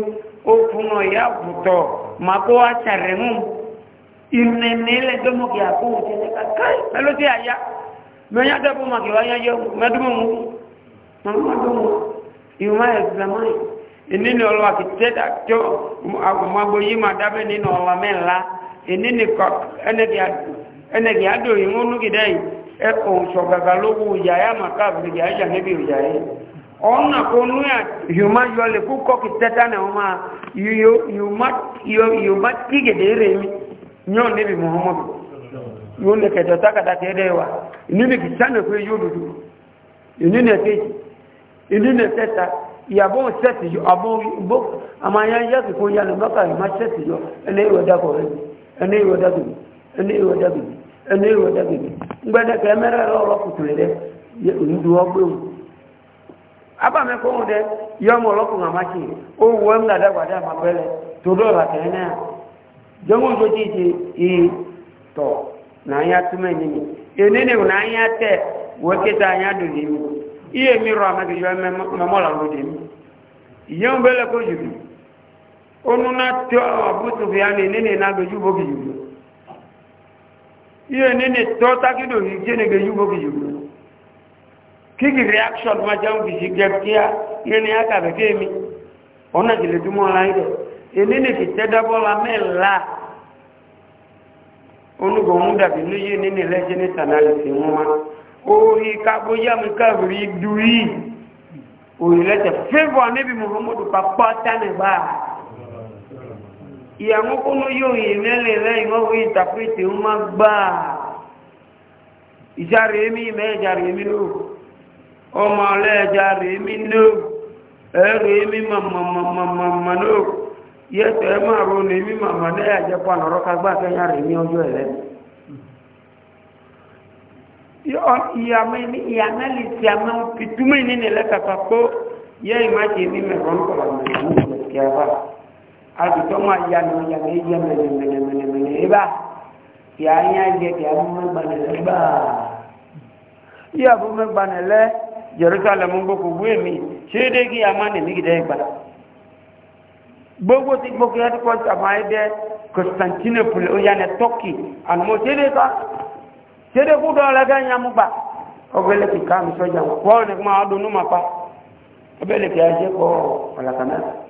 ó fún ọ ya bùtọ máa kó wá sàrẹ ń ìrìnnì lè dọ́mọ kí àkó òjò ní kàkà mẹló tí a yá mẹ yá dẹ́kun máa kí wá yá yọ mẹdúmọ̀ mu màmá má dùn mu ìwọ má yẹ sísè máa yìí nínú ọlọ́wà kì í tẹ́ta tó àgùnmọ́ um, agbóyí máa dábẹ́ nínú ọlọ́wà mẹ́la ìníni ẹnẹ̀gì adò yìí wọ́n lókìdá yìí ẹkọ̀ ṣọ̀gàgà lówó ìyá yá màkà àbìrìgì àìjà níbi ìyá yìí ọ̀nà kò ní yòmá yọ lè kú kọ́kì tẹ́tà náà wọ́n máa yòmá kí gèdè rẹ̀ mi yọ̀ níbi muhammadu yóò lè kẹ̀tọ̀ tákàtàkẹ́ rẹ̀ wà ìníni kì sánà pé yóò dúdú ìníni ẹ̀kẹ́ ìníni ẹ̀kẹ́ta ìyàbò sẹ́tì yọ àbò àmàyà yẹ́sì kó yálẹ̀ mọ́kà ìmá sẹ́tì yọ ẹlẹ́yìn ọ̀dà kọ̀ọ̀rẹ́ ẹni ìwọ dábìbì ẹni ìwọ dábìbì ẹni ìwọ dábìbì ngbẹ́dẹ́kẹ́ mẹ́rẹ̀ lọ́rọ̀ kùtùrẹ́ dẹ́ ìdú na abamẹ́kọ́hún dẹ́ yọmọ ọlọ́kùnrin àmáṣe owó ẹ̀ ńlàdàgbàdà àmàbẹ́lẹ̀ tó dọ́ọ̀lá kẹ́ náà jọmọ́ tó anya mi onuna tɔ abutu fi ani nene nabe yubo ki yubo iye nene tɔ taki do yi jene ge yubo ki yubo kiki reaction ma jam ki si gɛb kia iye ne aka be ke mi ona jele dumo la ide e nene ki te dabo la me la onu go mu dabi nu ye nene le jene tanali si muma o yi ka bo ya mi ka ri du yi o yi le te favor ne muhammadu pa pa tane ba ìyàwó kó ló yóò yè mẹ́lẹ̀ lẹ́yìn wọ́n wí ìtàpẹ́tẹ̀ ó má gbà ìjàre mi mẹ́jàre mi ó ọmọ ọlẹ́jàre mi ló ẹ̀rọ mi mọ̀mọ̀mọ̀mọ̀mọ̀ ló yẹ́tọ̀ ẹ máa ro ní mi màmá náà jẹ́ pọ̀ ànàrọ́ ká gbà kẹ́yà rẹ̀ ní ọjọ́ ẹ̀lẹ́ ìyàmẹ́lì tí a máa ń fi túmọ̀ ìnínilẹ́kàtà yẹ́ ìmájì mi mẹ̀rọ̀ àtúntò máa ya ní ọjà ní yẹ mẹlẹmẹlẹmẹlẹ ibà kì á yá jẹ kì á fún mẹgbanẹlẹ ibà yí àfú mẹgbanẹlẹ jerusalem gbogbo wé mi ṣé dé kí a má nìmí kìdá ìgbà gbogbo ti gbogbo yẹn ti kọ́ sàmà ẹ dẹ constantinople ọjà ní turkey àmọ ṣé dé ká ṣé dé kú dọ́ lẹ́gẹ́ yẹn mú gbà ọgbẹ́lẹ́ kìka mi sọ́jà wọn wọ́n ní kí máa dùn ún máa pa ọgbẹ́lẹ́ kìka jẹ́ kọ́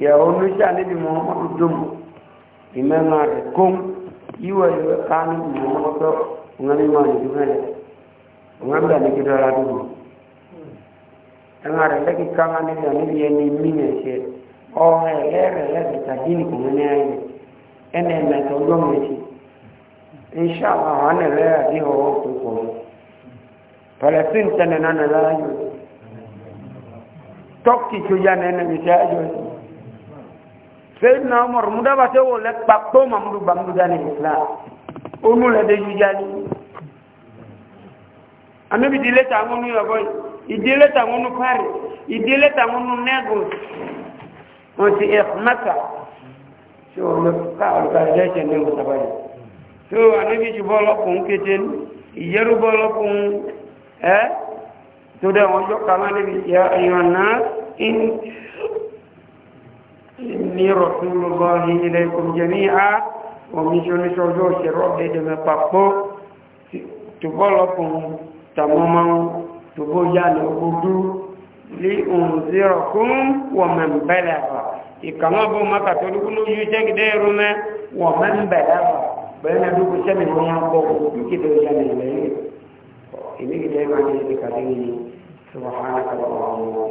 ya onusha nabi muhammad dum imema kum iwa iwa kanu muhammad ngani ma ni dum ne ngamda ni kidara dum ngara leki kanga ni ya ni ye ni mine she o hele le ta dini kumene ayi ene na to dum ne shi inshallah ane le adi ho to sẹ́yìn náà mọ̀rọ̀ mú dábàá sẹ́wọ̀ lẹ́ pàpọ̀ mamudu bàmúdá ní ìlà onú lẹ́dẹ̀ yíyá ní. anábì ìdílé tàwọn ní ọ̀gọ́ ìdílé tàwọn ní parí ìdílé tàwọn ní nẹ́gùn wọ́n ti ẹ̀ mẹ́ta tí wọ́n lọ ká ọ̀lùkà ẹ̀jẹ̀ ẹ̀jẹ̀ ní ìwọ̀n sábà yìí. tó anábì ju bọ́ọ̀lọ́kùn kété ìyẹ́rú bọ́ọ̀lọ́kùn ẹ́ tó dẹ́ wọn yọ inni rasulullahi ilaykum jami'a wa mi joni sojo se robe de me papo to bolopun tamama to boya no gudu li unzirakum wa man balagha ikama bo maka to du no yu wa man balagha bana du ko se mi mo yan ini kita yang ada ini subhanallah